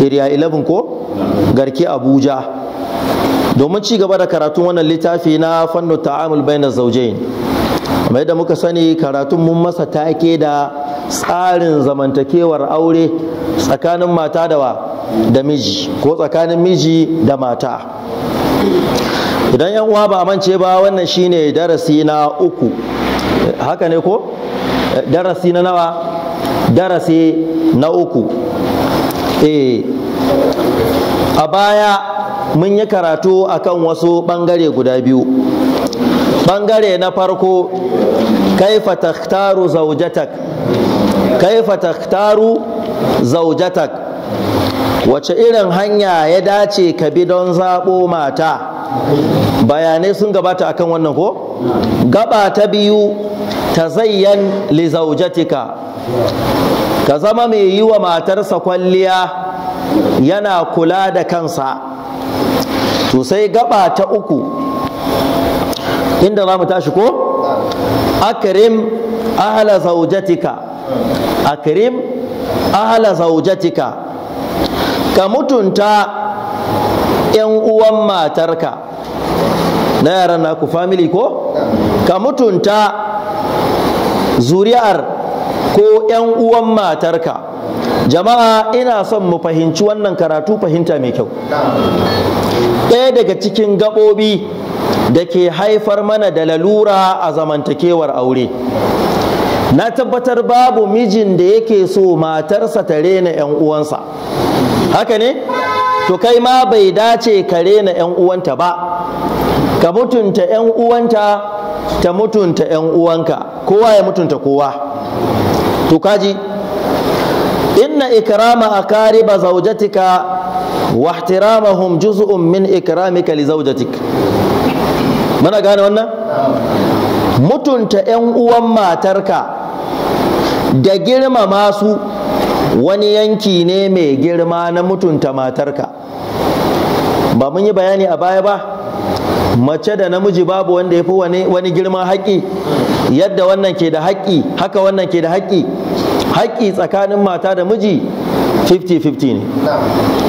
area 11 ko garki abuja domin ci gaba da karatun wannan littafi na fannu ta'amul bayna zaujain mai da muka sani karatun mun masa take da tsarin zamantakewar aure tsakanin mata da wa da miji ko tsakanin miji da mata idan yan uwa ba mance ba wannan shine darasi na uku haka ne ko darasi na nawa darasi na uku eh a baya mun yi karatu akan wasu bangare guda biyu Bangare na farko kaifa takhtaru zaujatak kaifa takhtaru zaujatak wace irin hanya ya dace ka bi don zaɓo mata bayanai sun gabata akan wannan ko gaba ta biyu ta zayyan lizaujatika ka zama mai yi wa matarsa kwalliya yana kula da kansa to sai gaba ta uku inda za mu tashi ko akrim ahla zaujatika akrim ahla zaujatika ka mutunta 'yan uwan matarka na yaran naku family ko ka mutunta zuri'ar ko 'yan uwan matarka jama'a ina son mu fahimci wannan karatu fahimta mai kyau ɗaya daga cikin gaɓoɓi da ke haifar mana da lalura a zamantakewar aure na tabbatar babu mijin da yake so matarsa ta rena 'yan uwansa haka ne to kai ma bai dace ka rena 'yan uwanta ba ka mutunta 'yan uwanta ta mutunta 'yan uwanka kowa ya mutunta kowa to kaji inna ikrama akariba zaujatika wa ihtiramahum juz'un min ikramika li zaujatik mana gane wannan mutunta 'yan uwan matarka da girmama su wani yanki ne mai girma na mutunta matarka ba mun yi bayani a baya ba mace da namiji babu wanda ya fi wani girman haƙƙi yadda wannan ke da haƙƙi haka wannan ke da haƙƙi haƙƙi tsakanin mata da miji 50-50 ne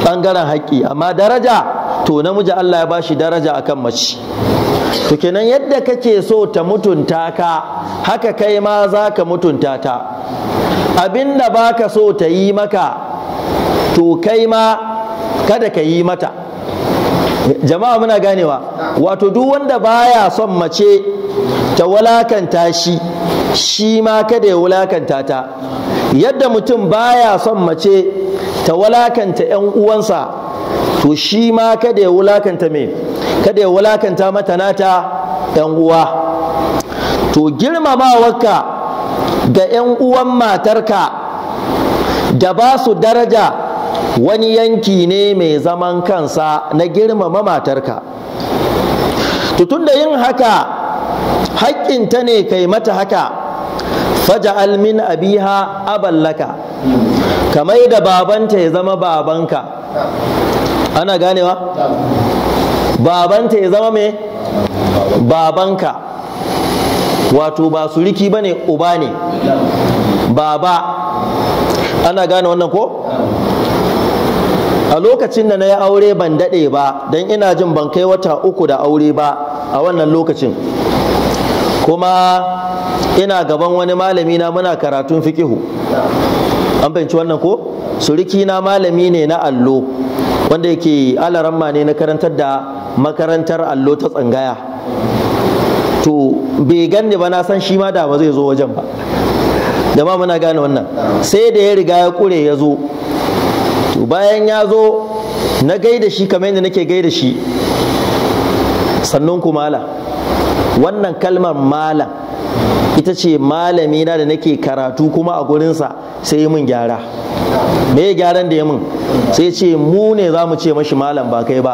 ɓangaren haƙƙi amma daraja to namiji Allah ya bashi daraja akan mace to kenan yadda kake so ta mutunta ka haka kai ma za ka mutunta ta abinda baka so ta yi maka to kai ma kada ka yi mata jama'a muna ganewa wato duk wanda baya son mace ta walakanta shi shi ma kada ya wulakanta ta yadda mutum baya son mace ta walakanta 'yan uwansa to shi ma kada ya wulakanta me kada ya wulakanta mata nata 'yan uwa to girmamawarka ga 'yan uwan matarka da ba su daraja wani yanki ne mai zaman kansa na girmama matarka tutun da yin haka haƙƙinta ne kai mata haka faja'al min abiha aballaka kamai da babanta ya zama babanka ana ganewa babanta ya zama mai babanka wato ba suriki ba ne uba ne baba ana gane wannan ko a lokacin da na yi aure ban daɗe ba don ina jin ban kai wata uku da aure ba a wannan lokacin kuma ina gaban wani malami na muna karatun fikihu an fahimci wannan ko suriki na malami ne na allo wanda yake alaramma ne na karantar da makarantar allo ta tsangaya to bai ganni ba na san shi ma da ba zai zo wajen ba da ma muna gane wannan sai da ya riga ya kure ya zo to bayan ya zo na gaida shi kamar yadda nake gaida shi sannan ku malam wannan kalmar malam ita ce malami na da nake karatu kuma a gurinsa sai yi mun gyara me gyaran da ya mun sai ce mu ne za mu ce mashi malam ba kai ba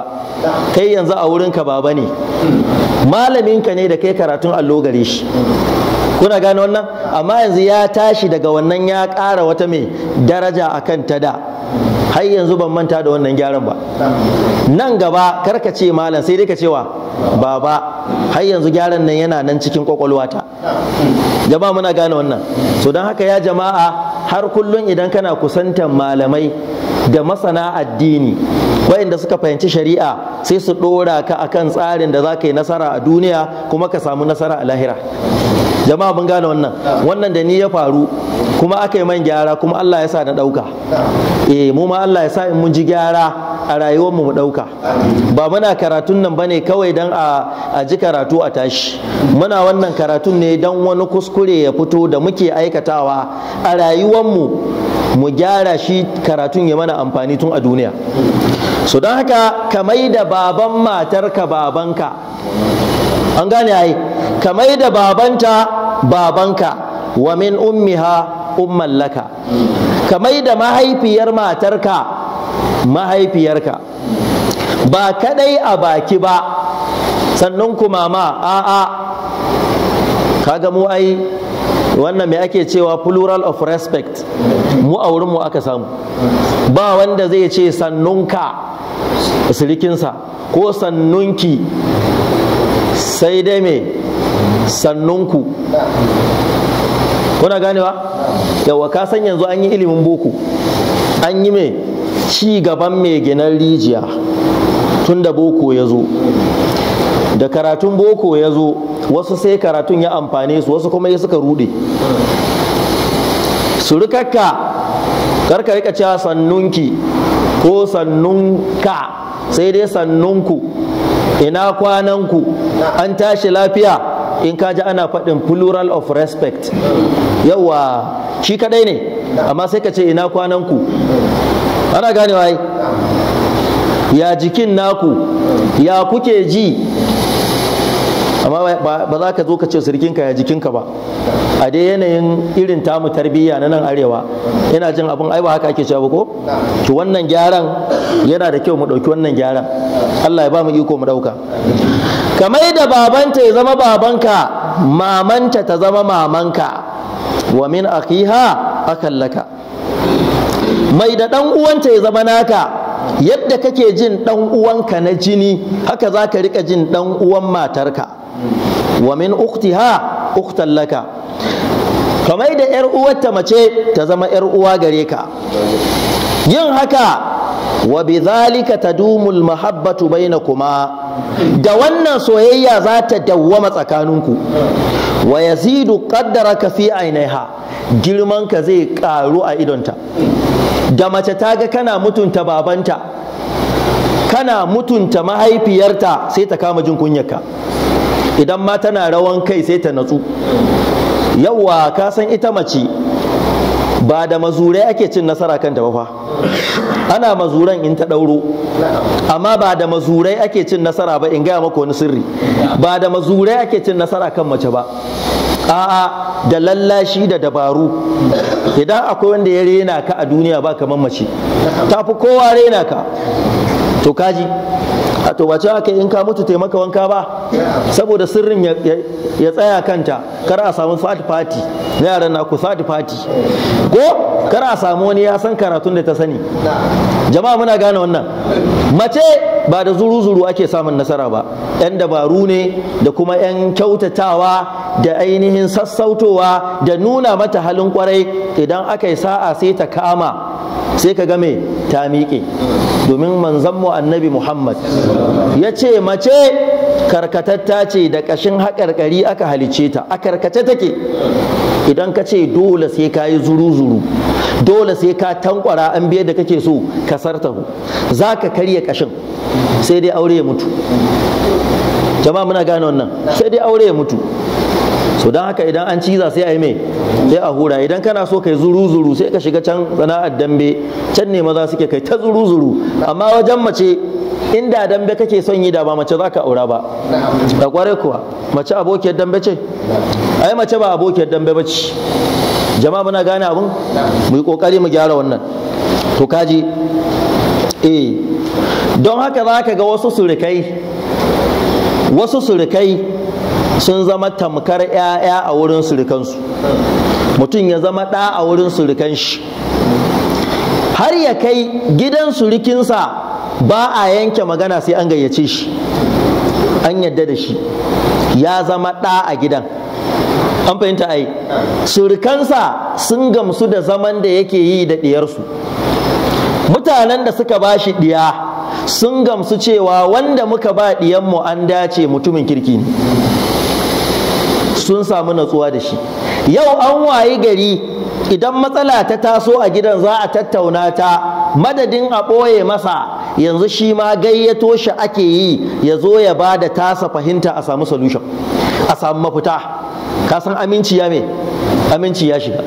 kai yanzu a wurinka baba ne malaminka ne da kai karatun allo gare shi kuna gane wannan amma yanzu ya tashi daga wannan ya ƙara wata mai daraja akan ta da har yanzu ban manta da wannan gyaran ba nan gaba karka ce malam sai dai ka cewa baba har yanzu gyaran nan yana nan cikin kwakwalwata jama'a muna gane wannan so don haka ya jama'a har kullum idan kana kusantar malamai da masana addini waɗanda suka fahimci shari'a sai su ɗora ka akan tsarin da za ka yi nasara a duniya kuma ka samu nasara a lahira jama'a mun gane wannan wannan da ni ya faru kuma aka yi man gyara kuma Allah ya sa na ɗauka eh mu ma Allah ya sa in mun ji gyara a rayuwar mu mu ɗauka ba muna karatun nan bane kawai dan a ji karatu a tashi muna wannan karatun ne dan wani kuskure ya fito da muke aikatawa a rayuwar mu mu gyara shi karatun ya mana amfani tun a duniya so don haka ka mai da baban matarka babanka an gane ai kamar da babanta babanka wa min ummiha umman laka kamar da mahaifiyar matarka mahaifiyarka ba kadai a baki ba sannan kuma ma a'a kaga mu ai wannan mai ake cewa plural of respect mu a mu aka samu ba wanda zai ce sannunka sirikinsa ko sannunki sai dai me sannunku kuna ganewa yawa ka san yanzu an yi ilimin boko an yi me ci gaban mai ginan rijiya tun da boko ya zo da karatun boko ya zo wasu sai karatun ya amfane su wasu kuma ya suka rude surukakka karka rika cewa sannunki ko sannunka sai dai sannunku ina kwananku an tashi lafiya in ka ji ana faɗin plural of respect yawa shi kadai ne amma sai ka ce ina kwananku ana gane wai ya jikin naku ya kuke ji amma ba za ka zo ka ce sirkinka ya jikinka ba a dai yanayin irin tamu tarbiyya na nan arewa yana jin abin aiwa haka ake cewa ko to wannan gyaran yana da kyau mu ɗauki wannan gyaran Allah ya ba mu iko mu ɗauka Kamai da babanta ya zama babanka mamanta ta zama mamanka wa min akiha akan laka mai da ɗan uwanta ya zama naka yadda kake jin ɗan uwanka na jini haka za ka riƙa jin ɗan uwan matarka wa min uktiha uktan laka kamar da 'yar uwarta mace ta zama 'yar uwa gare ka yin haka wa bidhalika tadumul mahabbatu bainakuma da wannan soyayya za ta dawwama tsakaninku wa yazidu qaddaraka fi ainiha girman ka zai karu a idonta da mace ta ga kana mutunta babanta kana mutunta mahaifiyarta sai ta kama jin kunyarka idan ma tana rawan kai sai ta natsu yawwa ka san ita mace ba da mazurai ake cin nasara kan ba fa ana mazuran in ta ɗauro amma ba da mazurai ake cin nasara ba in gaya maka wani sirri ba da mazurai ake cin nasara kan mace ba a'a da lallashi da dabaru idan akwai wanda ya rena ka a duniya ba kamar mace ta fi kowa rena ka to kaji to ba ce aka in ka mutu taimaka wanka ba saboda sirrin ya tsaya kanta kar a samu fati party na yaran naku third party ko kar a samu wani ya san karatun da ta sani jama'a muna gane wannan mace ba da zuru-zuru ake samun nasara ba 'yan dabaru ne da kuma 'yan kyautatawa da ainihin sassautowa da nuna mata halin kwarai idan aka yi sa'a sai ta kama sai ka ga me ta miƙe domin manzanmu annabi muhammad ya ce mace karkatatta ce da ƙashin haƙarƙari aka halice ta a karkace take idan ka ce dole sai ka yi zuru-zuru dole sai ka tankwara an biyar da kake so ka sartahu za ka karya ƙashin sai dai aure ya mutu jama'a muna gane wannan sai dai aure ya mutu so don haka idan an ciza sai a yi mai sai a hura idan kana so kai zuru zuru sai ka shiga can sana'ar dambe can ne maza suke kai ta zuru zuru amma wajen mace inda dambe kake son yi da ba mace za ka aura ba da kwarai kuwa mace abokiyar dambe ce ai mace ba abokiyar dambe ba ce jama'a muna gane abin mu yi kokari mu gyara wannan to kaji eh don haka za ka ga wasu surikai wasu surikai sun zama tamkar 'ya'ya a wurin surukansu mutum ya zama ɗa a wurin surukan shi har ya kai gidan surukinsa ba a yanke magana sai an gayyace shi an yadda da shi ya zama ɗa a gidan an fahimta ai surukansa sun gamsu da zaman da yake yi da ɗiyarsu mutanen da suka ba shi ɗiya sun gamsu cewa wanda muka ba ɗiyanmu an dace mutumin kirki ne sun samu natsuwa da shi yau an wayi gari idan matsala ta taso a gidan za a tattauna ta madadin a ɓoye masa yanzu shi ma gayyato shi ake yi ya zo ya ba da tasa fahimta a samu solution a samu mafita ka san aminci ya me aminci ya shiga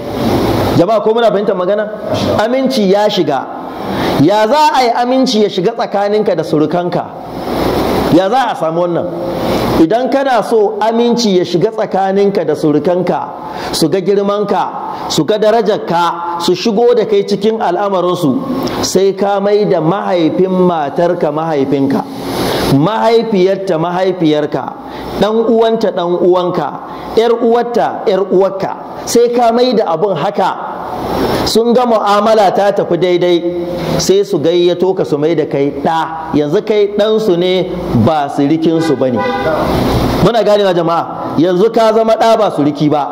jama'a ko muna fahimtar magana aminci ya shiga ya za a yi aminci ya shiga tsakaninka da surukanka ya za a samu wannan idan kana so aminci ya shiga tsakaninka da surukanka su ga girmanka su ga darajarka su shigo da kai cikin al'amarinsu sai ka mai da mahaifin matarka mahaifinka mahaifiyarta mahaifiyarka ɗan uwanta ɗan uwanka ‘yar uwarta ‘yar uwarka sai ka mai da abin haka sun ga mu'amala ta tafi daidai sai su gayyato ka su mai da kai ɗa yanzu kai ɗansu ne ba sirikinsu ba ne muna gane na jama'a yanzu ka zama ɗa ba riki ba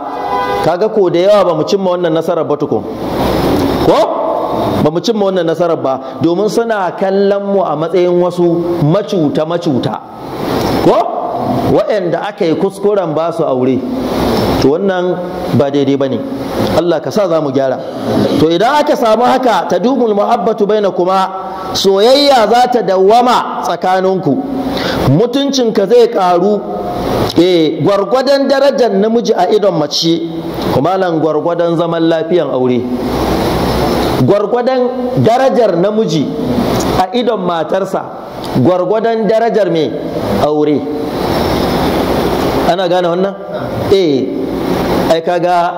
kaga ko da yawa ba mu cimma wannan nasarar ba tukun ko ba mu cimma wannan nasarar ba domin suna kallon mu a matsayin wasu macuta macuta ko waɗanda aka yi kuskuren ba su aure to wannan ba daidai ba ne Allah ka sa za mu gyara to idan aka samu haka ta dumul mu'abbatu baina kuma soyayya za ta dawama tsakaninku mutuncinka zai karu e eh, gwargwadon darajar namiji a idon mace kuma nan gwargwadon zaman lafiyan aure gwargwadon darajar namiji a idon matarsa gwargwadon darajar mai aure ana gane wannan eh ai kaga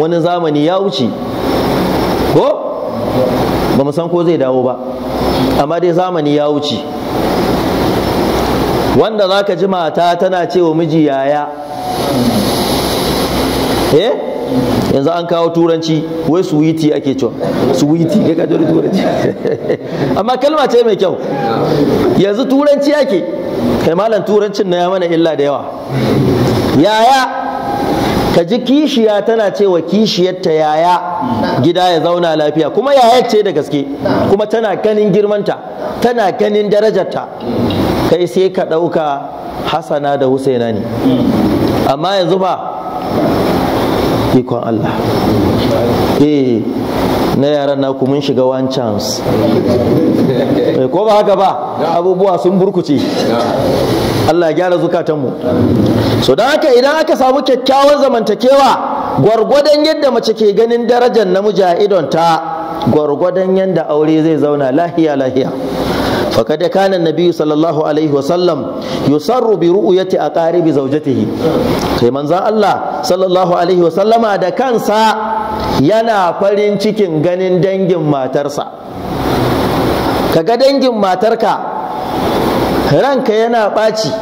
wani zamani ya wuce ko ba mu san ko zai dawo ba amma dai zamani ya wuce wanda za ka ji mata tana ce wa miji yaya eh yanzu an kawo turanci wai suwiti ake cewa suwiti ga kaji turanci amma kalma ce mai kyau yanzu turanci ake kai malam turancin na ya mana illa da yawa yaya ka ji kishiya tana cewa kishiyarta yaya gida ya zauna lafiya kuma yaya ce da gaske kuma tana ganin girmanta tana ganin darajarta kai sai ka ɗauka hasana da husaina ne amma yanzu ba ikon Allah eh na yaran naku mun shiga one chance eh, ko ba haka ba abubuwa sun burkuce Allah ya gyara zukatanmu so don haka idan aka samu kyakkyawan zamantakewa gwargwadon yadda mace ke ganin darajar namiji a ta, gwargwadon yadda aure zai zauna lahiya lahiya فقد كان النبي صلى الله عليه وسلم يسر برؤية أقارب زوجته sai manzan Allah sallallahu alaihi wasallama da kansa yana farin cikin ganin dangin matarsa kaga dangin matarka ranka yana ɓaci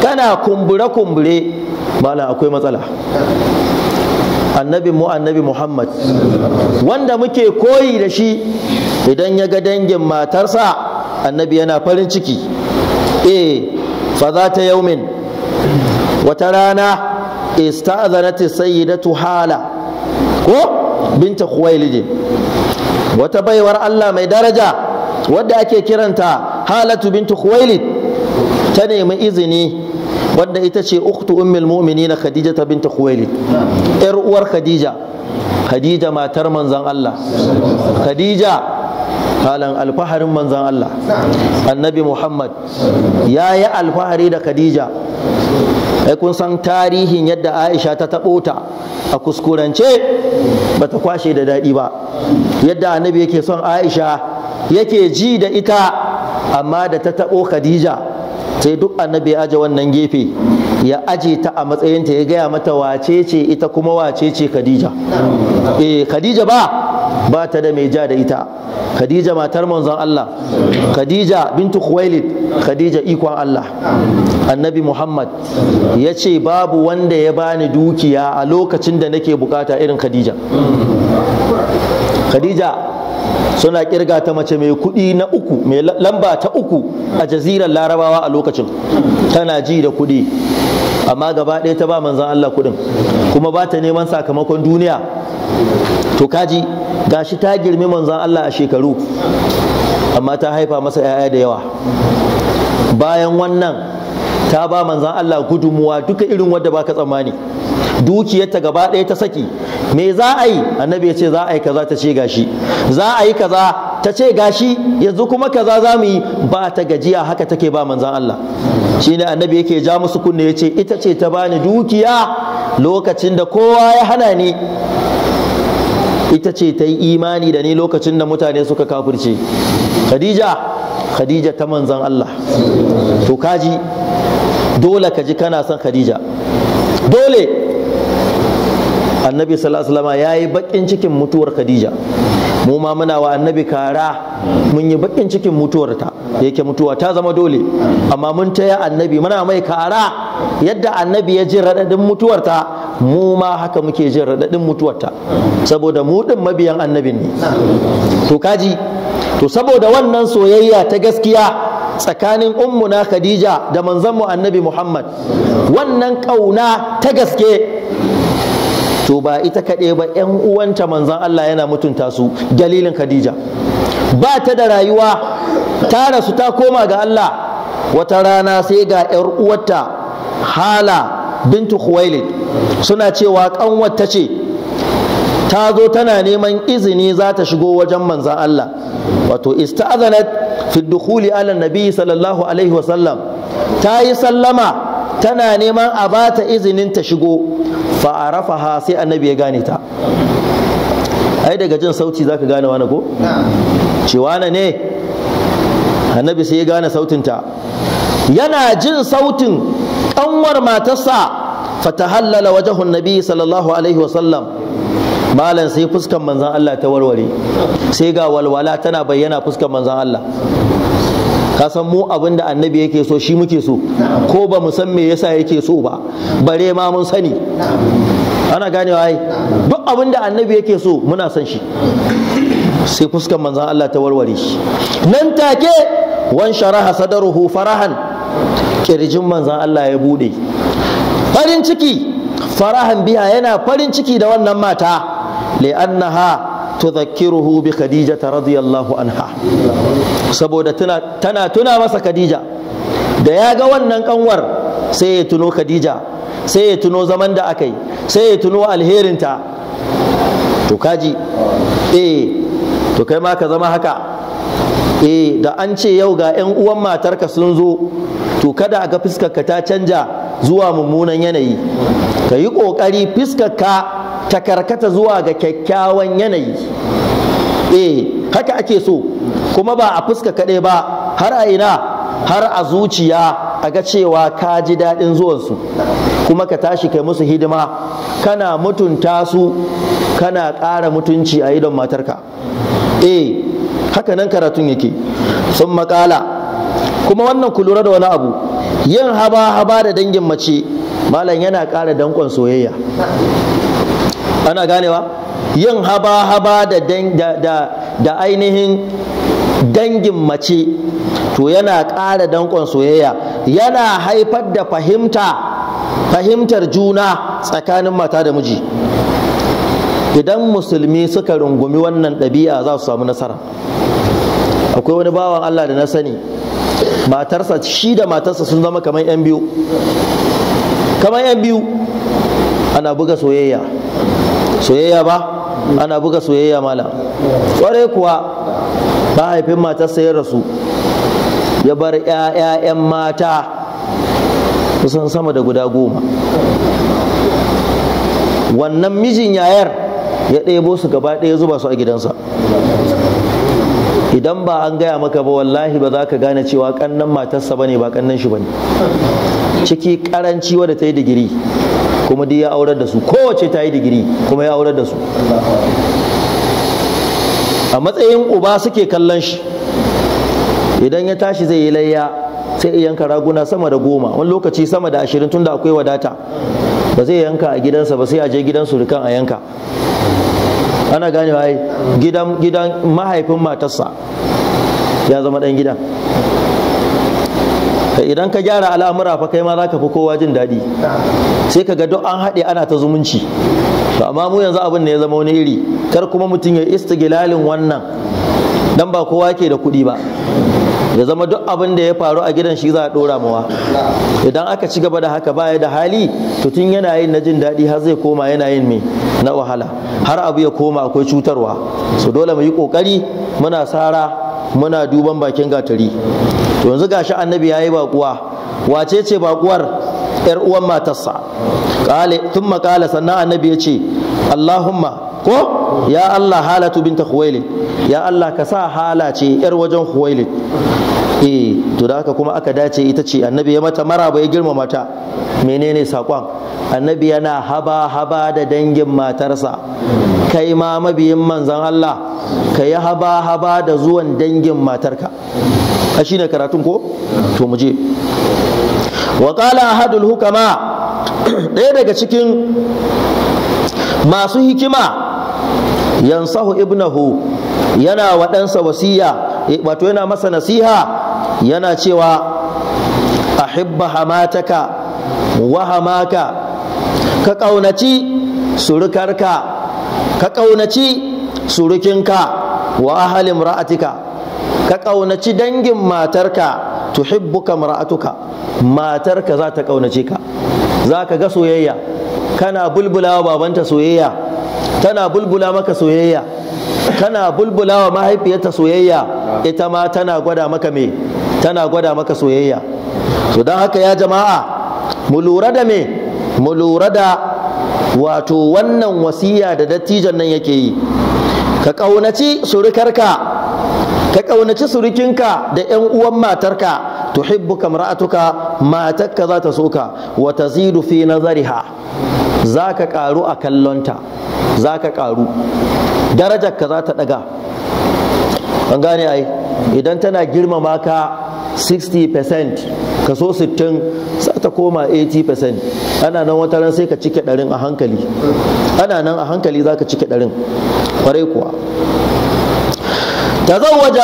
kana kumbure-kumbure malam akwai matsala annabin mu annabi muhammad wanda muke koyi da shi idan ya ga dangin matarsa annabi yana farin ciki E fa za ta yaumin wata rana istazanat sayyidatu hala ko binta khuwailid wata baiwar Allah mai daraja wadda ake kiranta halatu bintu khuwailid ta nemi izini wadda ita ce uktu ummul mu'minin khadija ta binta khuwailid yar uwar khadija khadija matar manzon Allah khadija halan alfaharin manzan Allah annabi Muhammad ya yi alfahari da Khadija ai kun san tarihin yadda aisha ta taɓo ta a kuskurance ba ta kwashe da daɗi ba yadda annabi yake son aisha yake ji da ita amma da ta taɓo khadija sai duk annabi ya aje wannan gefe ya aje ta a matsayinta ya gaya mata wace ce ita kuma wace ce khadija eh khadija ba ba ta da mai ja da ita khadija matar manzon Allah khadija bintu khuwailid khadija ikon Allah annabi muhammad ya ce babu wanda ya bani dukiya a lokacin da nake bukata irin khadija khadija suna kirga ta mace mai kuɗi na uku mai lamba ta uku a jazirar larabawa a lokacin tana ji da kuɗi amma gaba ɗaya ta ba manzan Allah kuɗin kuma ba ta neman sakamakon duniya to kaji gashi ta girmi manzan Allah a shekaru amma ta haifa masa 'ya'ya da yawa bayan wannan ta ba manzan Allah gudunmuwa duka irin wadda baka tsammani dukiyarta gaba ɗaya ta saki me za a yi annabi ya ce za a yi kaza ta ce gashi za a yi kaza ta ce gashi yanzu kuma kaza za mu yi ba ta gajiya haka take ba manzan Allah ne annabi yake ja musu kunne ya ce ita ce ta bani dukiya lokacin da kowa ya hana ni ita ce ta yi imani da ni lokacin da mutane suka kafirce khadija khadija ta manzan Allah to kaji dole ka ji kana son khadija dole annabi sallallahu alaihi wasallam yayi bakin cikin mutuwar khadija mu ma muna wa annabi kara mun yi bakin cikin mutuwarta yake mutuwa ta zama dole amma mun taya annabi muna mai kara yadda annabi ya ji raɗaɗin mutuwarta mu ma haka muke jin raɗaɗin mutuwarta saboda mu ɗin mabiyan annabin ne to kaji to saboda wannan soyayya ta gaskiya tsakanin ummuna khadija da manzanmu annabi muhammad wannan ƙauna ta gaske to ba ita kaɗai ba 'yan uwanta manzan Allah yana mutunta su dalilin Khadija ba ta da rayuwa ta rasu ta koma ga Allah wata rana sai ga 'yar uwarta hala bintu Khuwailid suna cewa kanwar ta ce ta zo tana neman izini za ta shigo wajen manzan Allah wato ista'azanat fi dukhuli ala nabi sallallahu alaihi wasallam ta yi sallama tana neman a ba ta izinin ta shigo fa a ha sai annabi ya gane ta ai daga jin sauti za ka gane wani ko ce wani ne annabi sai ya gane sautin ta. yana jin sautin ƙanwar matarsa hallala wajahun nabi sallallahu alaihi wasallam malam sai fuskan manzan Allah ta warware sai ga walwala tana bayyana fuskan manzan Allah ka san mu abin da annabi yake so shi muke so ko ba mu san me yasa yake so ba bare ma mun sani ana ganewa ai duk abin da annabi yake so muna san shi sai fuskan manzan Allah ta warware shi nan take wan sharaha sadaruhu farahan kirjin manzan Allah ya bude farin ciki farahan biya yana farin ciki da wannan mata li'annaha tudhakkiruhu bi khadijata radiyallahu anha saboda tana tuna masa Khadija da ya ga wannan kanwar sai ya tuno Khadija sai ya tuno zaman da aka yi sai ya tuno alherinta to kaji eh to kai ma ka zama haka eh da an ce yau ga 'yan uwan matarka sun zo to kada a ga fiskarka ta canja zuwa mummunan yanayi ka yi ƙoƙari fiskarka ta karkata zuwa ga kyakkyawan yanayi eh haka ake so kuma ba a fuska kaɗai ba har a ina har a zuciya a ga cewa ka ji daɗin zuwansu kuma ka tashi kai musu hidima kana mutunta su kana ƙara mutunci a idon matarka E, haka nan karatun yake sun makala kuma wannan ku lura da wani abu yin haba-haba da dangin mace malam yana ƙara dankon soyayya ana ganewa yin haba-haba da da ainihin dangin mace to yana ƙara danƙon soyayya yana haifar da fahimta fahimtar juna tsakanin mata da miji idan musulmi suka rungumi wannan ɗabi'a za su samu nasara akwai wani bawan Allah da na sani matarsa shi da matarsa sun zama kamar 'yan biyu kamar 'yan biyu ana buga soyayya soyayya ba ana buga soyayya malam kwarai kuwa ba haifin ya sai rasu ya bar 'ya'ya'yan mata kusan sama da guda goma wannan mijin yayar ya ɗebo su gaba ɗaya zuba su a gidansa idan ba an gaya maka ba wallahi ba za ka gane cewa ƙannan matarsa ba ne ba ƙannan shi ba ne. ciki ƙaranci wadda ta yi digiri kuma dai ya aurar da su kowace ta yi digiri kuma ya aurar da su a matsayin uba suke kallon shi idan ya tashi zai yi layya sai yanka raguna sama da goma wani lokaci sama da ashirin tunda akwai wadata ba zai yanka a gidansa ba sai a je gidan surukan a yanka ana ganewa ai gidan mahaifin matarsa ya zama dan gidan idan ka gyara al'amura fa kai ma za ka fi kowa jin daɗi sai ka ga duk an haɗe ana ta zumunci to amma mu yanzu abin ne ya zama wani iri kar kuma mutum ya istigilalin wannan dan ba kowa ke da kuɗi ba ya zama duk abin da ya faru a gidan shi za a ɗora mawa idan aka ci gaba da haka baya da hali to tun yana yin na jin daɗi har zai koma yana yin me na wahala har abu ya koma akwai cutarwa so dole mu yi kokari muna sara muna duban bakin gatari to yanzu gashi annabi yayi bakuwa wace ce bakuwar yar uwan matarsa kale thumma kala sannan annabi ya ce Allahumma ko ya Allah halatu binta Khuwailid ya Allah ka sa hala yar wajen Khuwailid eh to da haka kuma aka dace ita ce annabi ya mata maraba ya girma mata menene sakon annabi yana haba haba da dangin matarsa kai ma mabiyin manzon Allah ka yi haba haba da zuwan dangin matarka a shine karatun ko to mu je wa qala ahadul hukama ɗaya daga cikin masu hikima yansahu ibnahu yana waɗansa wasiya wato yana masa nasiha yana cewa a hibba hamataka wa hamaka ka ƙaunaci surukarka ka ƙaunaci surukinka wa ahalin ra'atika ka ƙaunaci dangin matarka tuhibbuka ra'atuka matarka za ta ƙaunace ka za ka ga soyayya kana bulbulawa babanta soyayya tana bulbula maka soyayya kana bulbulawa mahaifiyarta soyayya ita ma tana gwada maka me tana gwada maka soyayya to don haka ya jama'a mu lura da me mu lura da wato wannan wasiya da dattijan nan yake yi ka ƙaunaci surukarka ka ƙaunaci surukinka da 'yan uwan matarka tuhibbu kamra'atuka matarka za ta soka wa tazidu fi nazariha za ka ƙaru a kallonta za ka ƙaru darajarka za ta ɗaga an gane ai idan tana girmama ka 60% kaso 60 sai ta koma 80% ana nan wata ran sai ka cike ɗarin a hankali ana nan a hankali za ka cike ɗarin kwarai kuwa تزوج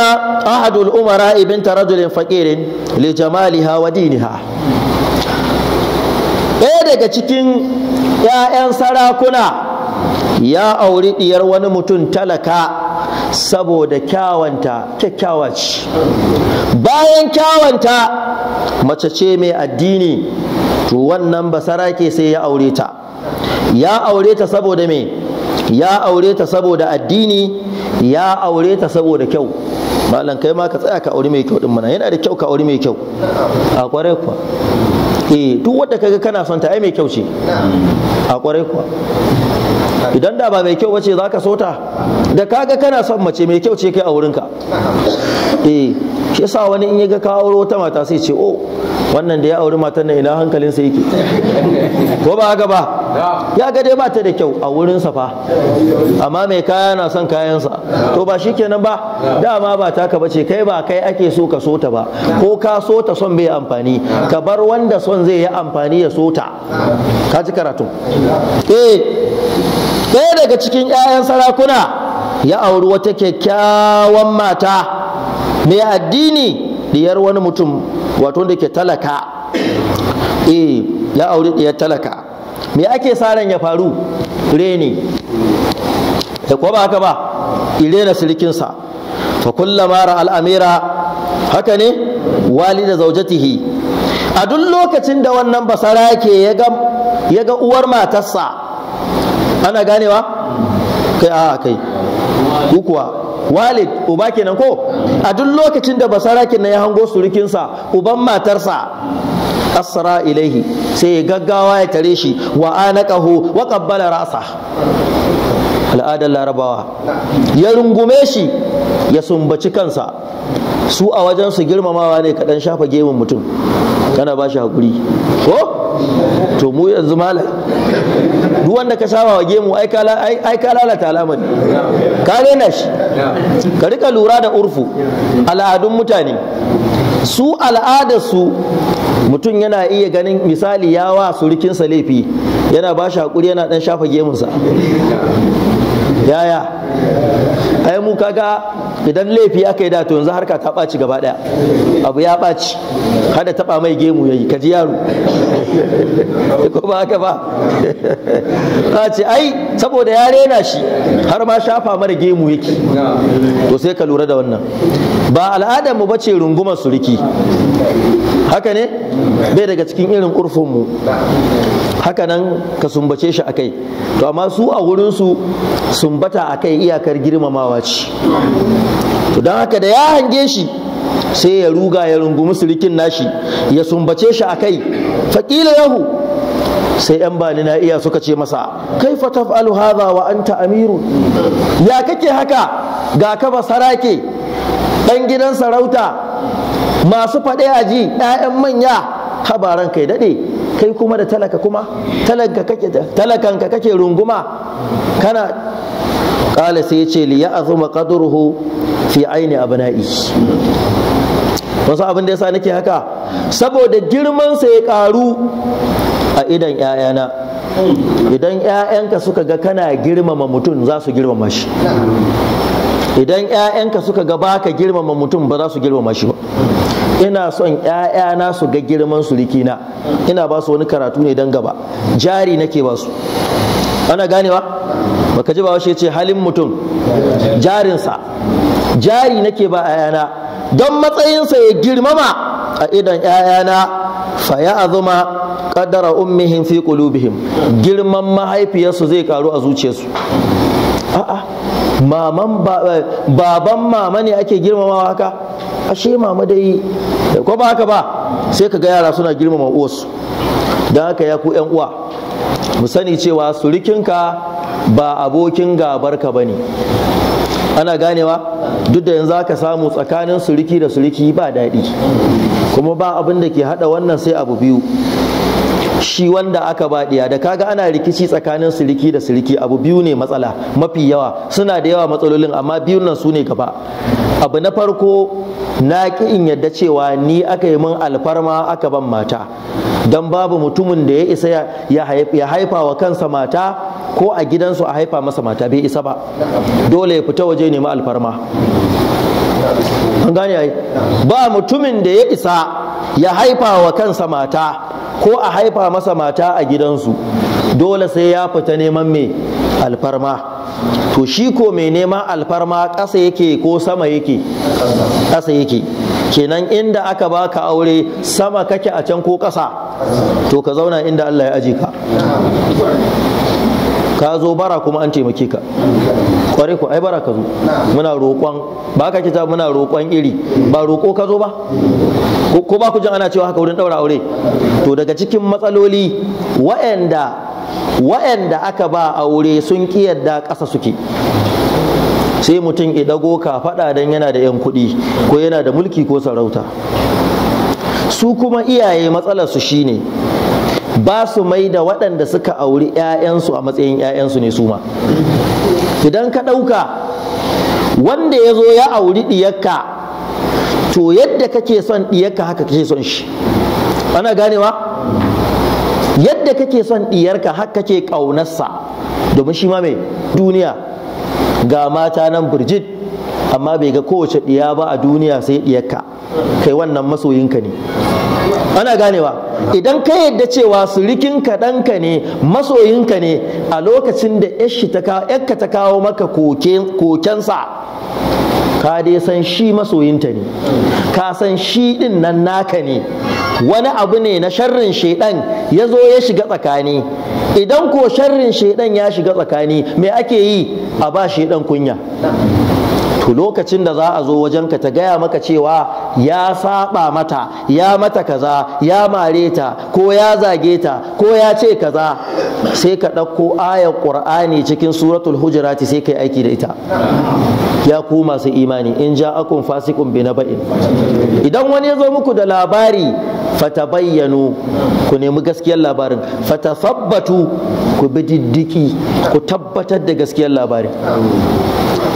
أحد الأمراء بنت رجل فقير لجمالها ودينها ɗaya daga cikin ‘ya'yan sarakuna ya auri diyar wani mutum talaka saboda kyawanta kyakkyawa ce bayan kyawanta mace ce mai addini to wannan basarake sai ya aure ta ya aure ta saboda me ya aure ta saboda addini ya aure ta saboda kyau malam kai ma ka tsaya ka aure mai kyau din mana yana da kyau ka aure mai kyau a kwarai kuwa eh duk wanda kaga kana son ta ai mai kyau ce a kwarai kuwa idan da ba mai kyau bace zaka so ta da kaga kana son mace mai kyau ce kai a wurinka eh shi yasa wani in ya ga ka wata mata sai ce oh wannan da ya auri matan na ina hankalin sa yake ko ba haka ba ya ga dai bata da kyau a wurin sa fa amma mai kaya na son kayansa. to ba shikenan ba dama ba ka bace kai ba kai ake so ka sota ba ko ka sota son bai amfani ka bar wanda son zai yi amfani ya sota. ka ji karatu eh ɗaya daga cikin 'ya'yan sarakuna ya auri wata kyakkyawan mata mai addini diyar wani mutum wato da ke talaka eh ya auri diyar talaka me ake sa ran ya faru reni da eh, ko ba haka ba irena sirikinsa fa kullama ra al'amira haka ne walida zaujatihi a duk lokacin da wannan basara ke ya ga uwar matarsa ana ganewa kai a kai ku kuwa walid uba kenan ko a duk lokacin da basarakin na ya hango surukinsa uban matarsa asra ilaihi sai ya gaggawa ya tare shi wa anaqahu wa qabbala rasa al'adar larabawa ya rungume shi ya sumbaci kansa su a wajen su girmamawa ne kaɗan shafa gemun mutum kana ba shi haƙuri ko to mu yanzu malam duk wanda ka saba wa gemu ai ka lalata alamar ka na shi ka rika lura da urfu al'adun mutane su al'adarsu mutum yana iya ganin misali ya wa surukinsa laifi yana ba shi haƙuri yana ɗan shafa gemunsa yaya ai mu ga idan laifi aka yi da to yanzu harka ta ɓaci gaba ɗaya abu ya ɓaci hada taɓa mai gemu yayi kaji yaro ko ba haka ba ka ce ai saboda ya rena shi har ma shafa mara gemu yake to sai ka lura da wannan ba al'adar mu bace rungumar suriki haka ne bai daga cikin irin urfin mu haka nan ka sumbace shi akai to amma su a wurin su sumbata akai iyakar girmamawa ce to don haka da ya hange shi sai ya ruga ya rungumi sirikin nashi ya sumbace shi a kai faƙila yahu sai yan bani na iya suka ce masa kai fataf alhaza wa anta amiru ya kake haka ga ka ba sarake ɗan gidan sarauta masu faɗe ji ɗayan manya habaran kai daɗe kai kuma da talaka kuma talakan ka talakanka kake runguma kana kala sai ya ce liya azuma qadruhu fi aini abna'i wasu abin da yasa nake haka saboda girman sa ya karu a idan ƴaƴana idan ƴaƴanka suka ga kana girmama mutum za su girmama shi idan ƴaƴanka suka ga baka girmama mutum ba za su girmama shi ba ina son ‘ya'yana su ga girman rikina. ina ba su wani karatu ne don gaba jari nake ba su ana ganewa baka ji ba washe ce halin mutum jarinsa jari nake ba ‘ya'yana don matsayinsa ya girmama a idon 'ya'yana fa ya azuma kaddara ummihin fi qulubihim girman mahaifiyarsu zai karu a zuciyarsu a'a maman baban mama ne ake girmamawa haka ashe mama dai ko ba haka ba sai ka ga yara suna girmama uwarsu don haka ya ku yan uwa mu sani cewa surikinka ba abokin gabarka ba ne ana ganewa duk da yanzu aka samu tsakanin suriki da suriki ba daɗi kuma ba abin da ke haɗa wannan sai abu biyu shi wanda aka ba baɗiya da kaga ana rikici tsakanin suriki da suriki abu biyu ne matsala mafi yawa suna da yawa matsalolin amma biyun nan su ne gaba abu na farko na ƙi in yadda cewa ni aka yi min alfarma aka ban mata don babu mutumin da ya isa ya haifa wa kansa mata ko a gidansu a haifa masa mata bai isa ba dole ya fita waje nemi alfarma gane ba mutumin da ya isa ya haifa wa kansa mata ko a haifa masa mata a gidansu dole sai ya fita neman mai alfarma to shi ko mai nema alfarma ƙasa yake ko sama yake ƙasa yake kenan inda aka baka aure sama kake a can ko ƙasa to ka zauna inda Allah ya aji ka ka zo bara kuma an taimake ka kware ku ai bara ka zo muna roƙon ba ka kita muna roƙon iri ba roƙo ka zo ba ko ba ku jin ana cewa haka wurin ɗaura aure to daga cikin matsaloli waɗanda wa'anda aka ba aure sun kiyarda ƙasa suke sai mutum ya ɗago faɗa don yana da 'yan kuɗi ko yana da mulki ko sarauta su kuma iyaye matsalarsu shine ba su mai da waɗanda suka auri 'ya'yansu a matsayin 'ya'yansu ne su ma idan ka ɗauka wanda ya zo ya auri ɗiyarka to yadda kake son ɗiyarka haka kake son shi ana ganewa yadda kake son diyarka har kake ƙaunarsa domin shi ma mai duniya ga mata nan birjit amma bai ga kowace diya ba a duniya sai diyarka kai wannan masoyinka ne ana ganewa idan ka yadda cewa surikinka ɗanka ne masoyinka ne a lokacin da yarka ta kawo maka kokensa ka dai san shi masoyinta ne ka san shi din nan naka ne wani abu ne na sharrin shaidan ya zo ya shiga tsakani idan ko sharrin shaidan ya shiga tsakani me ake yi a ba shaidan kunya to lokacin da za a zo wajen ka ta gaya maka cewa ya saba mata ya mata kaza ya mare ta ko ya zage ta ko ya ce kaza sai ka ɗauko ayar ƙur'ani cikin suratul hujurati sai ka yi aiki da ita ya ku masu imani in ja akun fasikun bi na ba'in idan wani ya zo muku da labari fata bayyano ku nemi gaskiyar labarin fata sabbatu ku bi diddiki ku tabbatar da gaskiyar labarin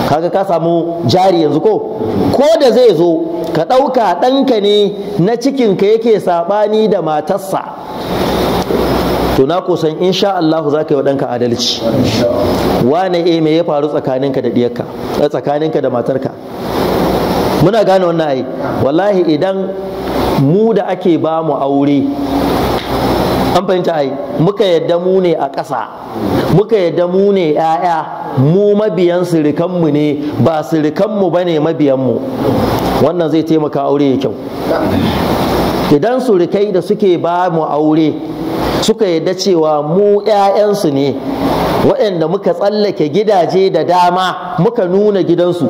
kaga ka samu jari yanzu ko ko da zai zo ka ɗauka ɗanka ne na cikinka yake saɓani da matarsa to na kusan insha Allah za ka yi ɗanka adalci wane eh me ya faru tsakaninka da diyarka eh, tsakaninka da matarka muna gane wannan ai wallahi idan mu da ake ba mu aure an fahimta ai muka yadda mu ne a ƙasa muka yadda mu ne 'ya'ya mu mabiyan sirikanmu ne ba sirikanmu ba ne mabiyanmu wannan zai taimaka aure ya kyau idan surikai da suke ba mu aure suka yadda cewa mu 'ya'yansu ne waɗanda muka tsallake gidaje da dama muka nuna gidansu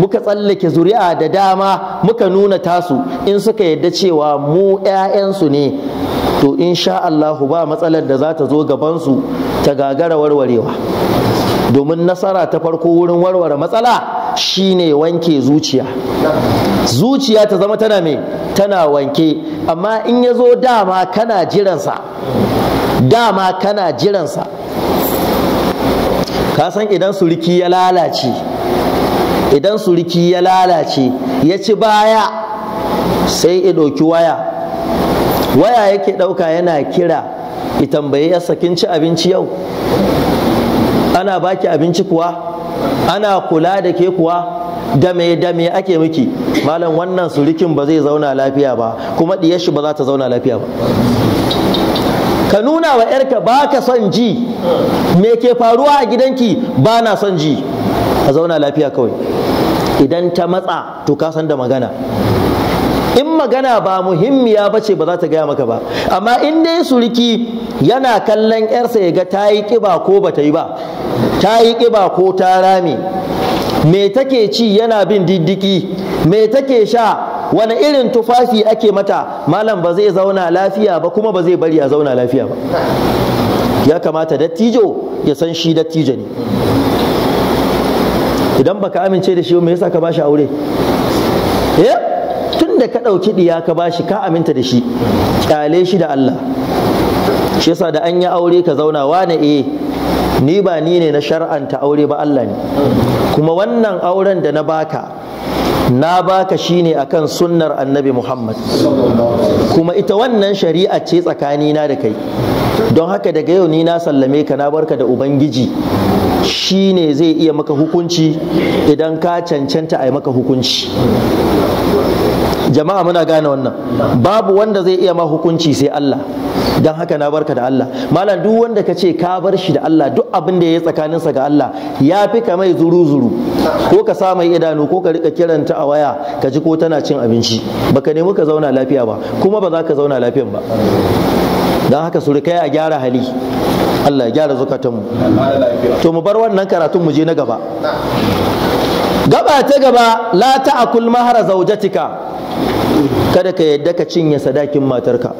muka tsallake zuri'a da dama muka nuna tasu in suka yadda cewa mu 'ya'yansu ne to insha Allah ba matsalar da za ta zo gabansu ta gagara warwarewa domin nasara ta farko wurin warware matsala shine wanke zuciya zuciya ta zama tana me tana wanke amma in ya zo dama kana jiransa dama kana jiransa ka san idan suriki ya lalace idan suriki ya lalace ya ci baya sai ya ɗauki waya waya yake ɗauka yana kira i tambaye ya sakin ci abinci yau ana baki abinci kuwa ana kula da ke kuwa da dame ake miki malam wannan surikin ba zai zauna lafiya ba kuma diyar shi ba za ta zauna lafiya ba ka nuna wa yarka ba ka son ji me ke faruwa a gidanki ba na son ji a zauna lafiya kawai idan ta matsa to ka san da magana in magana ba muhimmiya ba ce ba za ta gaya maka ba amma in dai suriki yana kallon yarsa ya ga ta yi ƙiba ko ba ta yi ba ta yi ƙiba ko ta rame me take ci yana bin diddiki me take sha wani irin tufafi ake mata malam ba zai zauna lafiya ba kuma ba zai bari a zauna lafiya ba ya kamata dattijo ya san shi dattijo ne idan baka amince da shi me yasa ka bashi aure eh tun ka ɗauki ɗiya ka bashi ka aminta da shi kyale shi da Allah shi yasa da an yi aure ka zauna wa wane eh ni ba ni ne na shar'anta aure ba Allah ne kuma wannan auren da na baka na baka shine akan sunnar annabi Muhammad kuma ita wannan shari'a ce tsakanina da kai don haka daga yau ni na sallame ka na barka da ubangiji shi ne zai iya maka hukunci idan ka cancanta a yi maka hukunci jama'a muna gane wannan babu wanda zai iya ma hukunci sai Allah dan haka na barka da Allah malam duk wanda ka ce ka bar shi da Allah duk abin da ya yi tsakaninsa ga Allah ya fi ka mai zuru zuru ko ka sa mai idanu ko ka rika kiranta a waya ka ji ko tana cin abinci baka nemi ka zauna lafiya ba kuma ba za ka zauna lafiyan ba dan haka su a gyara hali Allah ya gyara zukatanmu to mu bar wannan karatun mu je na gaba gaba ta gaba la ta'kul mahara zaujatika kada ka yadda ka cinye sadakin matarka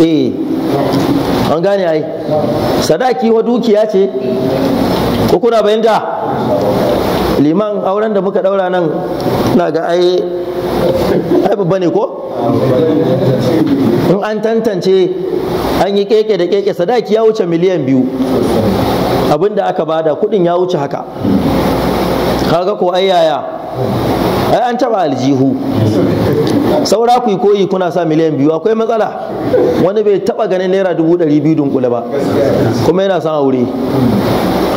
eh an gane ai sadaki wa dukiya ce ko kuna bayanta liman auren da muka daura nan na ga ai ai babba ne ko in an tantance an yi keke da keke sadaki ya wuce miliyan biyu abinda aka bada kudin ya wuce haka kaga ko ai yaya ai an taba aljihu saura ku koyi kuna sa miliyan biyu akwai matsala wani bai taba ganin naira dubu ɗari biyu dunkule ba kuma yana son aure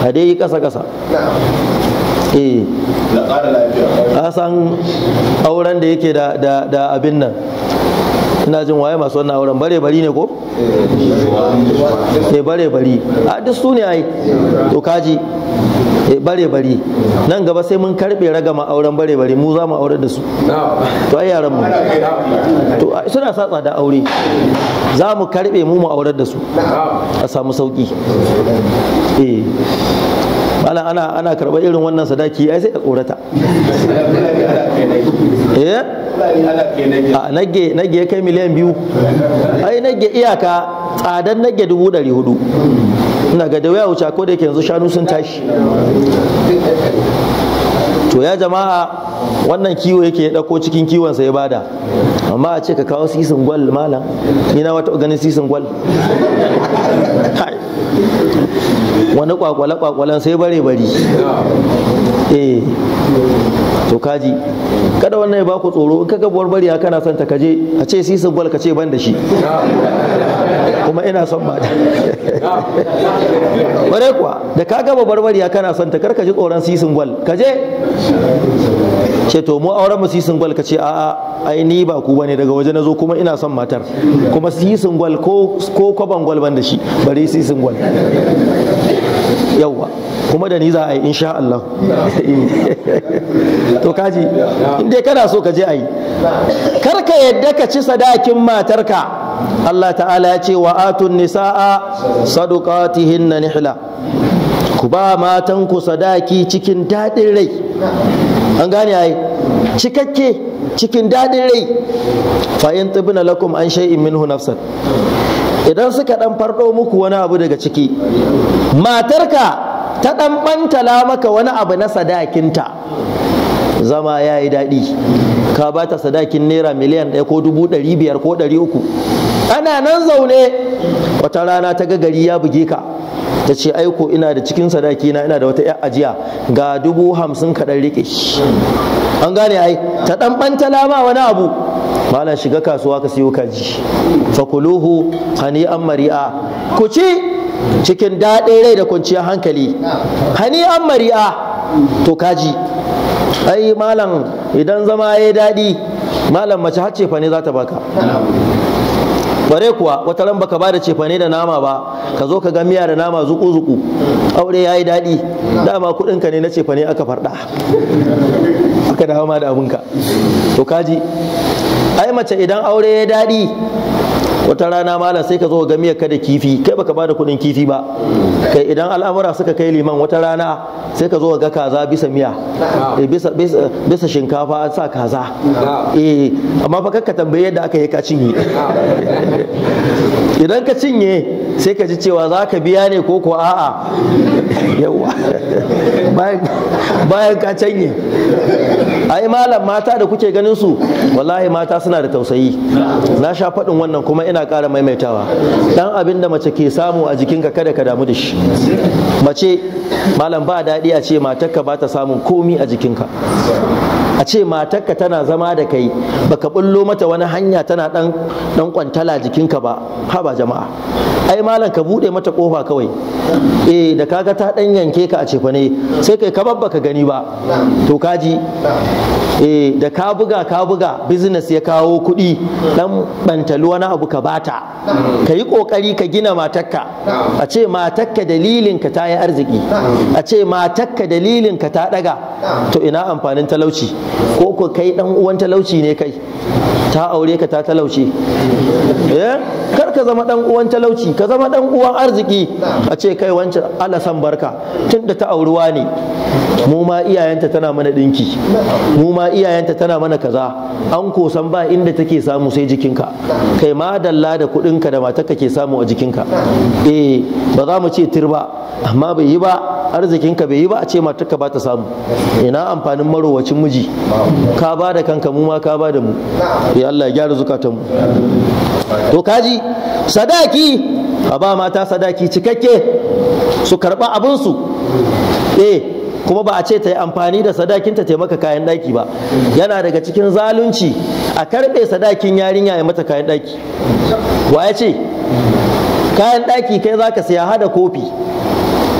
a dai yi ƙasa ƙasa eh. A san auren da yake da abin nan ina jin waye masu wannan auren bare bari ne ko eh bare bari a duk su ne ai to kaji Eh, bare bare nan gaba sai mun karbe ragama auren bare bare mu za mu aure da su to ai yaran mu to suna satsa da aure za mu karbe mu mu aure da su a samu sauki eh ana ana ana karɓar irin wannan sadaki ai sai ka tsorata eh a nage nage kai miliyan biyu ai nage iyaka tsadan nage dubu ɗari hudu ina ga da waya wuce ko da yake yanzu shanu sun tashi to ya jama'a wannan kiwo yake ya ɗauko cikin sa ya bada amma a ce ka kawo sisin gwal malam ina wata ganin sisin gwal wani kwakwale kwakwalen sai bare bari eh to kaji kada wannan ya baku tsoro in kaga buwar bari kana son ta kaje a ce sisin gwal ka ce ban da shi kuma ina son da. bare kuwa da ka gaba barbariya kana son ta ka ji tsoron sisin gwal kaje ce to mu auren mu sisin gwal ka ce a'a ai ni ba ku bane daga waje na zo kuma ina son matar kuma sisin gwal ko ko kwaban gwal ban da shi bare sisin gwal yawa kuma da ni za a yi insha Allah to kaji in dai kana so ka je a yi kar ka yadda ka ci sadakin matarka Allah ta'ala ya ce wa atun nisa'a sadaqatihinna nihla ku ba matanku sadaki cikin daɗin rai an gane ai cikakke cikin daɗin rai fa'in tibina lakum an shay'in minhu nafsan idan suka ɗan farɗo muku wani abu daga ciki matarka ta ɗan ɓantala maka wani abu na sadakinta zama ya yi daɗi ka ba ta sadakin naira miliyan ɗaya ko dubu ɗari biyar ko ɗari uku ana nan zaune wata rana ta ga gari ya buge ka ta ce aiko ina da cikin sadaki na ina da wata 'yar ajiya ga dubu hamsin kaɗan riƙe an gane ai ta ɗan ɓantala ma wani abu malam shiga kasuwa ka siyo kaji fakuluhu hani an mari'a ku ci cikin daɗin rai da kwanciyar hankali hani an mari'a to kaji ai malam idan zama ya yi daɗi malam mace hacce fa ne za ta baka bare kuwa wata ran baka bada cefane da nama ba ka zo ka ga miya da nama zuku zuku aure yayi daɗi dama kuɗinka ka ne na cefane aka farda aka dawo ma da abinka to kaji ai mace idan aure ya daɗi wata rana malam sai ka zo ga miyar ka da kifi kai baka bada kuɗin kifi ba kai idan al'amura suka kai liman wata rana sai ka zo ga kaza bisa miya eh, bisa shinkafa an sa kaza eh amma fa kakka tambaye yadda aka yi ka cinye idan ka cinye sai ka ji cewa za ka biya ne ko kuwa a'a yawa bayan ka canye ai malam mata da kuke ganin su wallahi mata suna da tausayi na sha faɗin wannan kuma ina ƙara maimaitawa dan abin da mace ke samu a jikinka kada ka damu da shi mace malam ba daɗi a ce matarka ba ta samun komi a jikinka a ce matarka tana zama da kai baka bullo mata wani hanya tana dan dan kwantala jikinka ba ha ba jama'a ai malam ka bude mata kofa kawai eh da kaga ta dan yanke ka a cefa ne sai kai ka babba ka gani ba to kaji eh da ka buga ka buga business ya kawo kuɗi dan bantalu wani abu ka bata ka yi kokari ka gina matarka a ce matarka dalilin ka ta yi arziki a ce matarka dalilin ka ta daga to ina amfanin talauci ko ku kai dan uwan talauci ne kai ta aure ka ta talauci eh ka zama dan uwan talauci ka zama dan uwan arziki a ce kai wancan alasan san barka tunda ta auruwa ne mu ma iyayenta tana mana dinki mu ma iyayenta tana mana kaza an kosan ba inda take samu sai jikinka kai ma dalla da kudinka da matarka ke samu a jikinka eh ba za mu ce turba amma bai yi ba arzikinka bai yi ba a ce matarka ba ta samu ina amfanin marowacin miji ka ba da kanka mu ma ka ba da mu ya Allah ya gyara zukatanmu to kaji sadaki a ba mata sadaki cikakke su karɓa abinsu E kuma ba a ce ta yi amfani da sadakin ta taimaka kayan ɗaki ba yana daga cikin zalunci a karɓe sadakin yarinya ya mata kayan ɗaki wa ya ce kayan ɗaki kai za ka saya hada kofi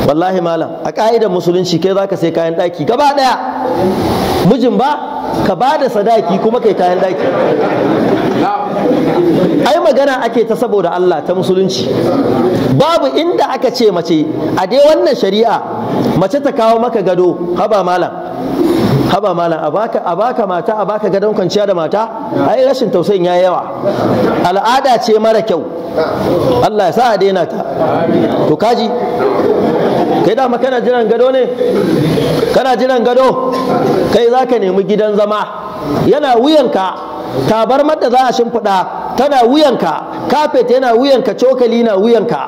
wallahi malam a ƙa'idar musulunci kai za ka sai kayan ɗaki gaba ɗaya mijin ba ka ba da sadaki kuma kai kayan daki ai magana ake ta saboda Allah ta musulunci babu inda aka ce mace a dai wannan shari'a mace ta kawo maka gado haba malam haba malam a baka a baka mata a baka gadon kwanciya da mata ai rashin tausayin yayi yawa al'ada ce mara kyau Allah ya sa a daina ta to kaji kai dama kana jiran gado ne kana jiran gado kai za ka nemi gidan zama yana wuyanka tabarmar da za a shimfiɗa tana wuyanka kafet yana wuyanka cokali na wuyanka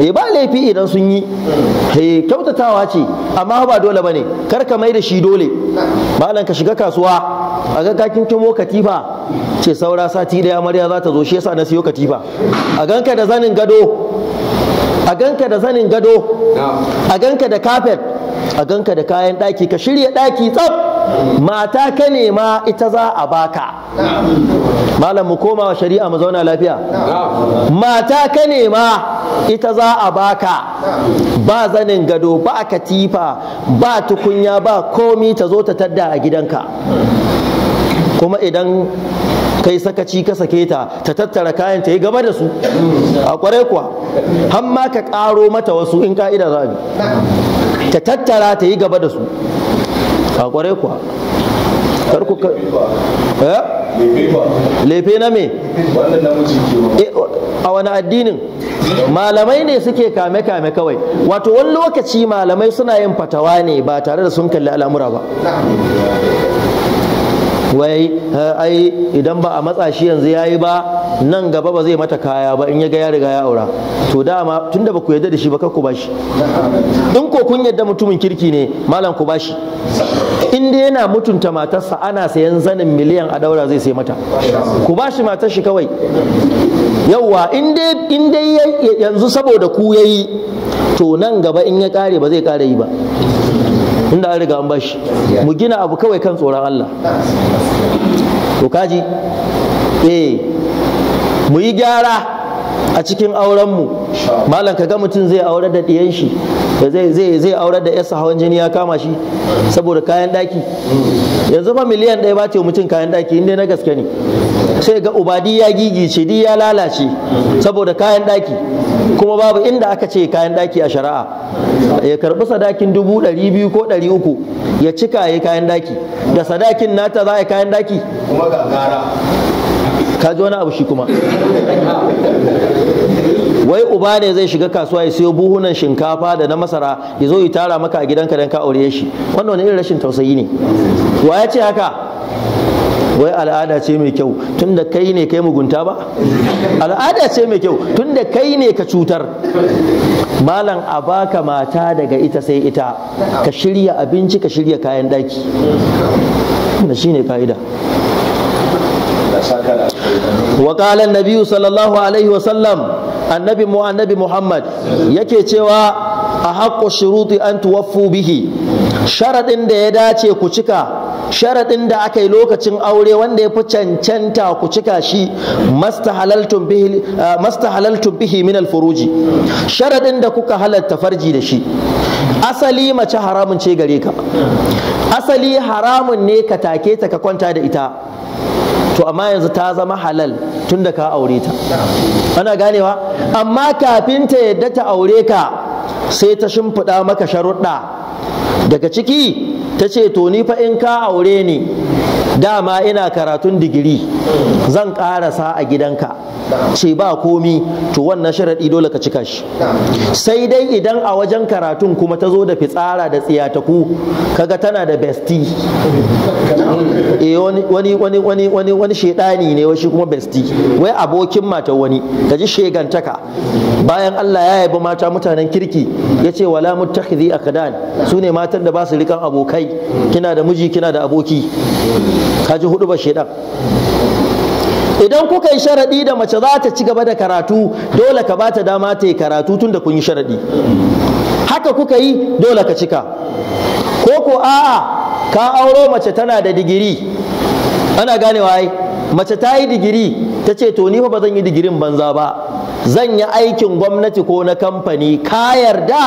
E, ba laifi idan sun yi E, kyautatawa ce amma ba dole bane kar ka mai da shi dole malam ka shiga kasuwa a ga kakin kimo katifa ce saura sati da amarya za ta zo shi yasa na siyo katifa a ganka da zanin gado a ganka da zanin gado a ganka da kafet a ganka da kayan ɗaki ka shirya ɗaki tsaf mata ka nema ita za a baka malam mu koma wa shari'a mu zauna lafiya mata ka nema ita za a baka ba zanin gado ba katifa ba tukunya ba komi ta zo ta tadda a gidanka kuma idan kai sakaci ka sake ta ta tattara kayan ta yi gaba da su a kwarai kuwa har ma ka karo mata wasu in ka'ida za ta tattara ta yi gaba da su a kwarai kuwa karku ka eh? lefe na me eh, a wani addinin malamai ne suke kame-kame kawai wato wani lokaci malamai suna yin fatawa ne ba tare da sun kalli al'amura ba wai ai idan ba a matsa shi yanzu yayi ba nan gaba ba zai mata kaya ba in ya ga ya riga ya aura to dama tunda ba ku yarda da shi ba kar ku bashi in ko kun yarda mutumin kirki ne malam ku bashi in dai yana mutunta matarsa ana sayan zanin miliyan a daura zai sai mata ku bashi matar shi kawai yauwa in dai yanzu saboda ku yayi to nan gaba in ya kare ba zai kare yi ba inda an riga an bashi mu gina abu kawai kan tsoron Allah to kaji eh mu yi gyara a cikin auren mu malam kaga mutum zai aure da diyan shi zai zai zai aure da yasa hawan jini ya kama shi saboda kayan daki yanzu ba miliyan ɗaya ba ce mutum kayan daki inda na gaske ne sai ga ubadi ya gigice di ya lalace saboda kayan daki kuma babu inda aka ce kayan daki a shari'a ya karbi sadakin dubu ɗari biyu ko ɗari uku ya cika ya kayan daki da sadakin nata za a yi kayan daki kuma ga kaji wani abu shi kuma wai uba ne zai shiga kasuwa ya siyo buhunan shinkafa da na masara ya zo ya tara maka a gidanka don ka aure shi wannan wani irin rashin tausayi ne wa ya ce haka wai al'ada ce mai kyau tun da kai ne kai mugunta ba al'ada ce mai kyau tun da kai ne ka cutar malam a baka mata daga ita sai ita ka shirya abinci ka shirya kayan daki wannan shine fa'ida وقال النبي صلى الله عليه وسلم النبي مو النبي محمد yake cewa a haƙƙo shuruti an tuwaffu bihi sharaɗin da ya dace ku cika sharaɗin da aka yi lokacin aure wanda ya fi cancanta ku cika shi mastahalaltun bihi min alfuruji sharaɗin da kuka halatta farji da shi asali mace haramun ce gare ka asali haramun ne ka take ta ka kwanta da ita to amma yanzu ta zama halal tun da ka aure ta ana ganewa amma kafin ta yadda ta aure ka sai ta shimfiɗa maka sharuɗa daga ciki ta ce to ni fa in ka aure ni dama ina karatun digiri zan karasa a gidanka ce ba komi to wannan sharaɗi dole ka cika shi sai dai idan a wajen karatun kuma ta zo da fitsara da tsiyataku kaga tana da besti eh, wani wani wani wani ne shi kuma besti wai abokin mata wani ka ji shegantaka bayan Allah ya yabi mata mutanen kirki ya ce wala muttakhidhi akdan su ne matan da ba su rikan abokai kina da miji kina da aboki kaji hudu ba shedan idan kuka yi sharaɗi da mace za ta ci gaba da karatu dole ka bata dama ta yi karatu tun da kun yi sharaɗi haka kuka yi dole ka cika ko ko a'a ka auro mace tana da digiri ana ganewa ai mace ta yi digiri ta ce to ni fa ba zan yi digirin banza ba zan yi aikin gwamnati ko na kamfani ka yarda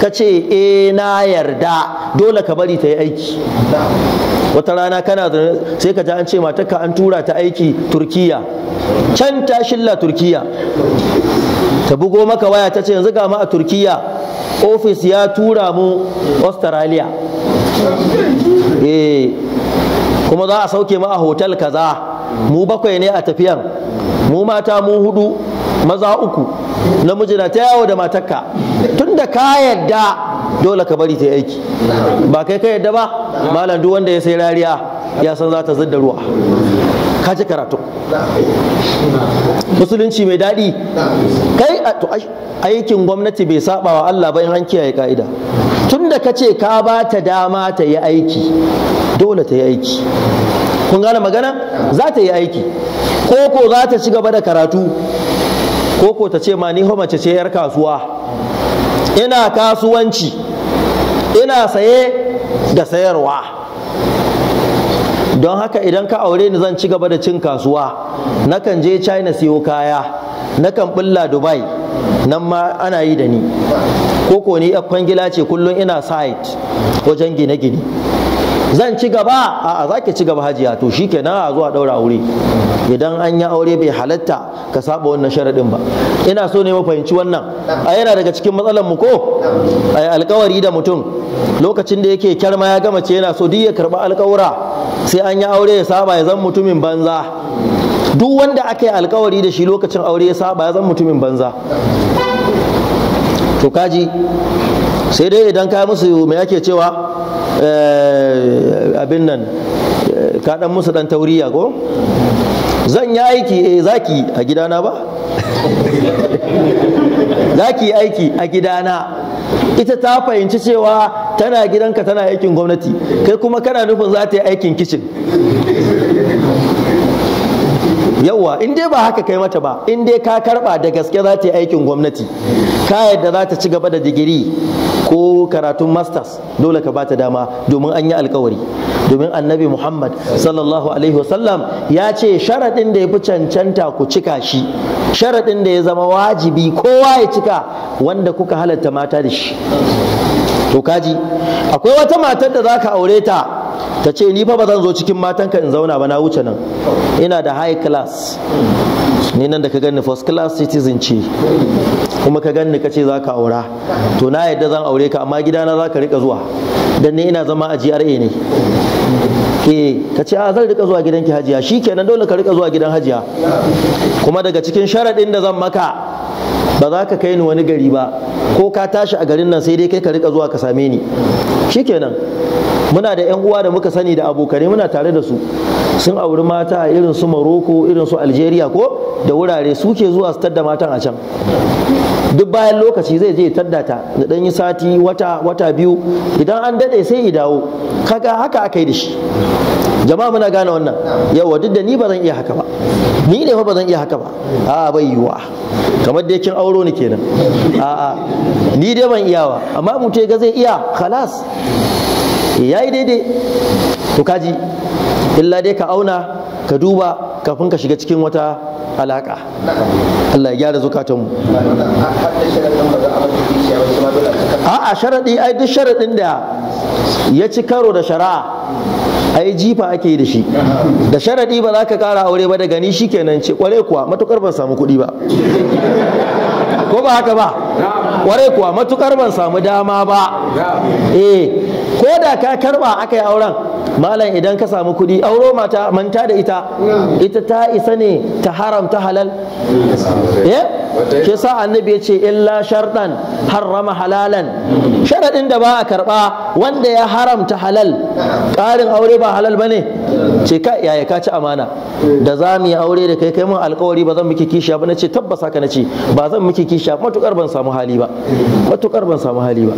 ka ce eh na yarda dole ka bari ta yi aiki wata rana kana da sai ka ji an ce matarka an tura ta aiki turkiya can ta shilla turkiya ta bugo maka waya ta ce yanzu ga mu a turkiya ofis ya tura mu australia eh kuma za a sauke mu a hotel kaza mu bakwai ne a tafiyan mu mata mu hudu maza uku namiji na ta yawo da matarka tunda ka yadda dole ka bari ta aiki ba kai ka yadda ba malam wanda ya sai rariya ya san za ta zidda ruwa ka ji karatu musulunci mai daɗi kai aikin gwamnati bai saba wa Allah ba in an kiyaye ka'ida tun da ka ce ka ba ta dama ta yi aiki dole ta yi aiki kun gane magana za ta yi aiki ko ko za ta ci gaba da karatu ko ko ta ce ma ni mace ce yar kasuwa ina kasuwanci ina saye da sayarwa don haka idan ka aure ni zan ci gaba da cin kasuwa nakan je china siyo kaya nakan bulla dubai nan ma ana yi da ni koko ni kwangila ce kullum ina site wajen gine-gine zan ci gaba a za ki ci gaba hajiya to shi kenan a zuwa ɗaura aure idan an yi aure bai halatta ka saba wannan sharaɗin ba ina so ne fahimci wannan a yana daga cikin matsalar mu ko a alkawari da mutum lokacin da yake kyarma ya gama ce yana so duk ya karba alkawura sai an yi aure ya saba ya zan mutumin banza duk wanda aka yi alkawari da shi lokacin aure ya saba ya zan mutumin banza to kaji sai dai idan ka musu mai ake cewa eh, Eh, abin nan eh, ka musu dan tauriya ko zan yi aiki eh, zaki a gidana ba zaki aiki a gidana ita ta fahimci cewa tana gidanka tana aikin gwamnati kai kuma kana nufin za ta yi aikin kicin yauwa in dai ba haka kai mata ba in dai ka karba da gaske za ta yi aikin gwamnati ka yadda za ta ci gaba da digiri ko karatun masters dole ka bata dama domin an yi alkawari domin annabi muhammad sallallahu alaihi wasallam ya ce sharaɗin da ya fi cancanta ku cika shi sharaɗin da ya zama wajibi kowa ya cika wanda kuka halatta mata da shi to kaji akwai wata matar da za ka aure ta ta ce ni fa ba zan zo cikin matanka in zauna ba na wuce nan ina da high class ni nan da ka ganni first class citizen ce kuma ka ganni ka ce za ka aura to na yadda zan aure ka amma gidana za ka rika zuwa dan ni ina zama a GRA ne ke eh, ka ce a zan rika zuwa gidanki hajiya Shi kenan dole ka rika zuwa gidan hajiya kuma daga cikin sharaɗin da zan maka ba za ka kai ni wani gari ba ko ka tashi a garin nan sai dai kai ka rika zuwa ka same ni Shi kenan. muna da yan uwa da muka sani da abokane muna tare da su sun auri mata a irin su Morocco irin su Algeria ko da wurare suke zuwa su tadda matan a can duk bayan lokaci zai je tadda ta da dan yi sati wata wata biyu idan an dade sai ya dawo kaga haka aka yi da shi jama'a muna gane wannan yawa duk da ni ba zan iya haka ba ni ne fa ba zan iya haka ba a bai yiwa kamar dai kin auro ni kenan a'a ni dai ban iya ba. amma mutum ga zai iya khalas ya yi daidai to kaji illa dai ka auna ka duba kafin ka shiga cikin wata alaka Allah ya gyara zukatanmu a a sharaɗi ai duk sharaɗin da ya ci karo da shari'a ai jifa ake yi da shi da sharaɗi ba za ka ƙara aure ba da gani shikenan ce kware kuwa matukar ban samu kuɗi ba ko ba haka ba kwarai kuwa matukar ban samu dama ba eh ko da ka karba aka yi auren malam idan ka samu kuɗi auro mata manta da ita ita ta isa ne ta haramta halal ke eh, sa annabi ya ce illa shardan harrama halalan sharaɗin da ba a karɓa wanda ya haramta halal ƙarin aure ba halal ba ne ce ka yaya ka ci amana da za mu yi aure da kai kai mun alkawari ba zan miki kishiya ba nace ka na nace ba zan miki kishiya matukar ban samu hali ba matukar ban samu hali ba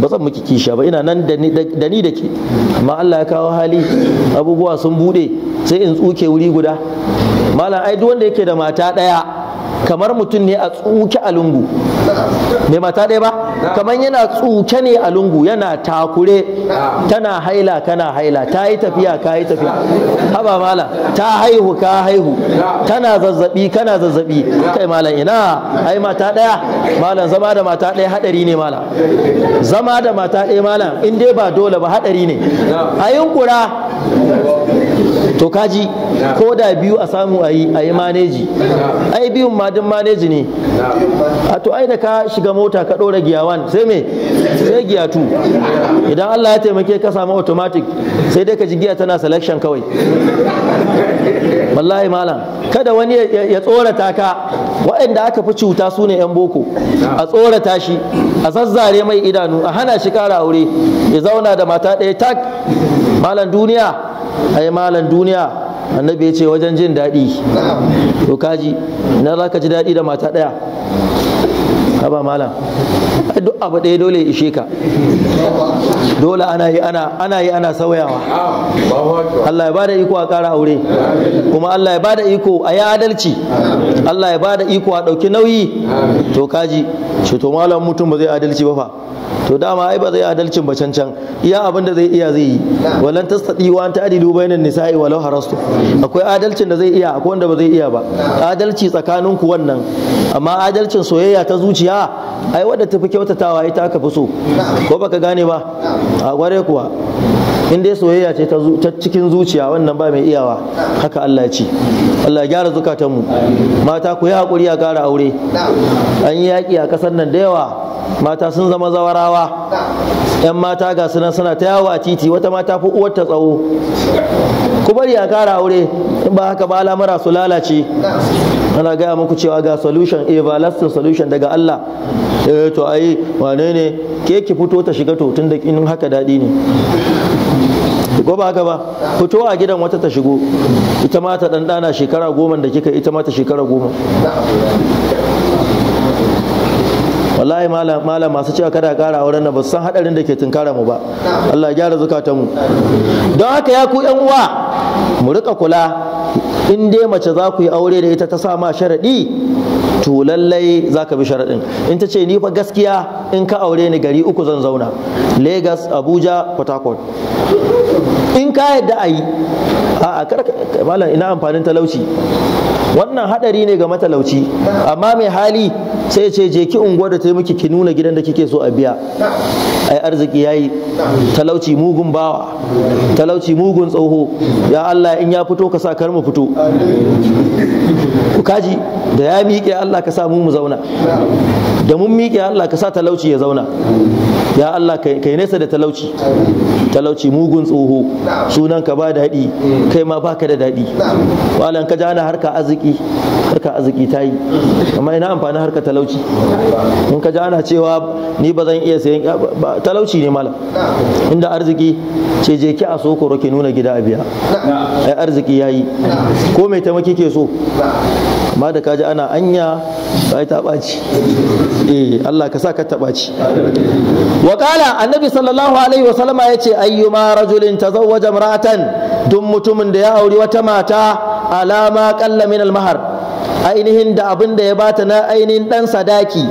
ba zan miki kishiya ba ina nan da ni da ke amma Allah ya kawo hali abubuwa sun bude sai in tsuke wuri guda malam ai duk wanda yake da mata daya kamar mutum ne a tsuke a lungu mai mata ɗaya ba kamar yana tsuke ne a lungu yana takure tana haila kana haila ta yi tafiya ka yi tafiya haba mala ta haihu ka haihu tana zazzabi kana zazzabi kai malam ina ai mata ɗaya malam zama da mata ɗaya haɗari ne malam zama da mata ɗaya malam in dai ba dole ba haɗari ne a yunkura to kaji ko da biyu a samu a yi a yi maneji ai biyun ma duk maneji ne a to ai da ka shiga mota ka ɗora giya wan sai me sai giya tu idan Allah ya taimake ka samu automatic sai dai ka ji giya tana selection kawai wallahi malam kada wani ya tsorata ka waɗanda aka fi cuta su ne 'yan boko a tsorata shi a zazzare mai idanu a hana shi kara aure ya zauna da mata ɗaya tak malam duniya ai malan duniya annabi ya ce wajen jin daɗi to kaji na za ka ji daɗi da mata ɗaya haba malam duk abu ɗaya dole ishe ka dole ana yi ana ana yi ana sauyawa Allah ya bada iko a ƙara aure kuma Allah ya bada iko a yi adalci Allah ya bada iko a ɗauki nauyi to kaji shi to malam mutum ba zai adalci ba fa to dama ai ba zai adalcin ba can can iya abin da zai iya zai yi walan tastadi wa anta adilu bainan nisa'i walau harastu akwai adalcin da zai iya akwai wanda ba zai iya ba adalci tsakanin ku wannan amma adalcin soyayya ta zuciya ai wadda tafi kyautatawa ita aka fi so ko baka gane ba a gware kuwa in dai soyayya ce ta cikin zuciya wannan ba mai iyawa haka Allah ya ce Allah ya gyara zukatanmu mata ku yi hakuri a gara aure an yi yaƙi a ƙasar nan da yawa mata sun zama zawarawa yan mata ga sunan suna ta yawo a titi wata mata fi uwar ta tsawo ku bari a kara aure in ba haka ba al'amura su lalace ana gaya muku cewa ga solution eh, everlasting solution daga Allah eh to ai wane ne ke ki fito ta shiga to tun da in haka daɗi ne ko ba haka ba fito a gidan wata ta shigo ita ma ta ɗanɗana shekara goma da kika ita ma ta shekara goma wallahi malam malam masu cewa kada kara auren nan ba san hadarin da ke tunkara mu ba Allah ya gyara ta mu don haka ya ku yan uwa mu rika kula in dai mace za ku yi aure da ita ta sa ma sharaɗi to lallai za ka bi sharaɗin in ta ce ni fa gaskiya in ka aure ni gari uku zan zauna lagos abuja port harcourt in ka yadda a yi a ina amfanin talauci wannan hadari ne ga matalauci amma mai hali sai ce je ki unguwa da ta yi miki ki nuna gidan da kike so a biya ai arziki yayi talauci mugun bawa talauci mugun tsoho ya Allah in ya fito ka sa kar mu fito ku kaji da ya miƙe Allah ka sa mu mu zauna da mun miƙe Allah ka sa talauci ya zauna ya Allah kai nesa da talauci talauci mugun tsoho sunan ka ba daɗi kai ma baka da daɗi walan ka jana harka arziki arziki harka arziki ta yi amma ina amfani harka talauci in ka ji ana cewa ni ba zan iya sayan talauci ne mala inda arziki ce je ki a sokoro ki nuna gida a biya ai arziki ya yi ko mai taimaki ke so amma da ji ana anya ai ta ɓaci eh Allah ka sa ka ta ɓaci wa qala annabi sallallahu alaihi wa sallama yace ayyuma rajulin tazawwaja imra'atan duk mutumin da ya auri wata mata alama qalla min al-mahar ainihin da abin da ya bata na ainihin dan sadaki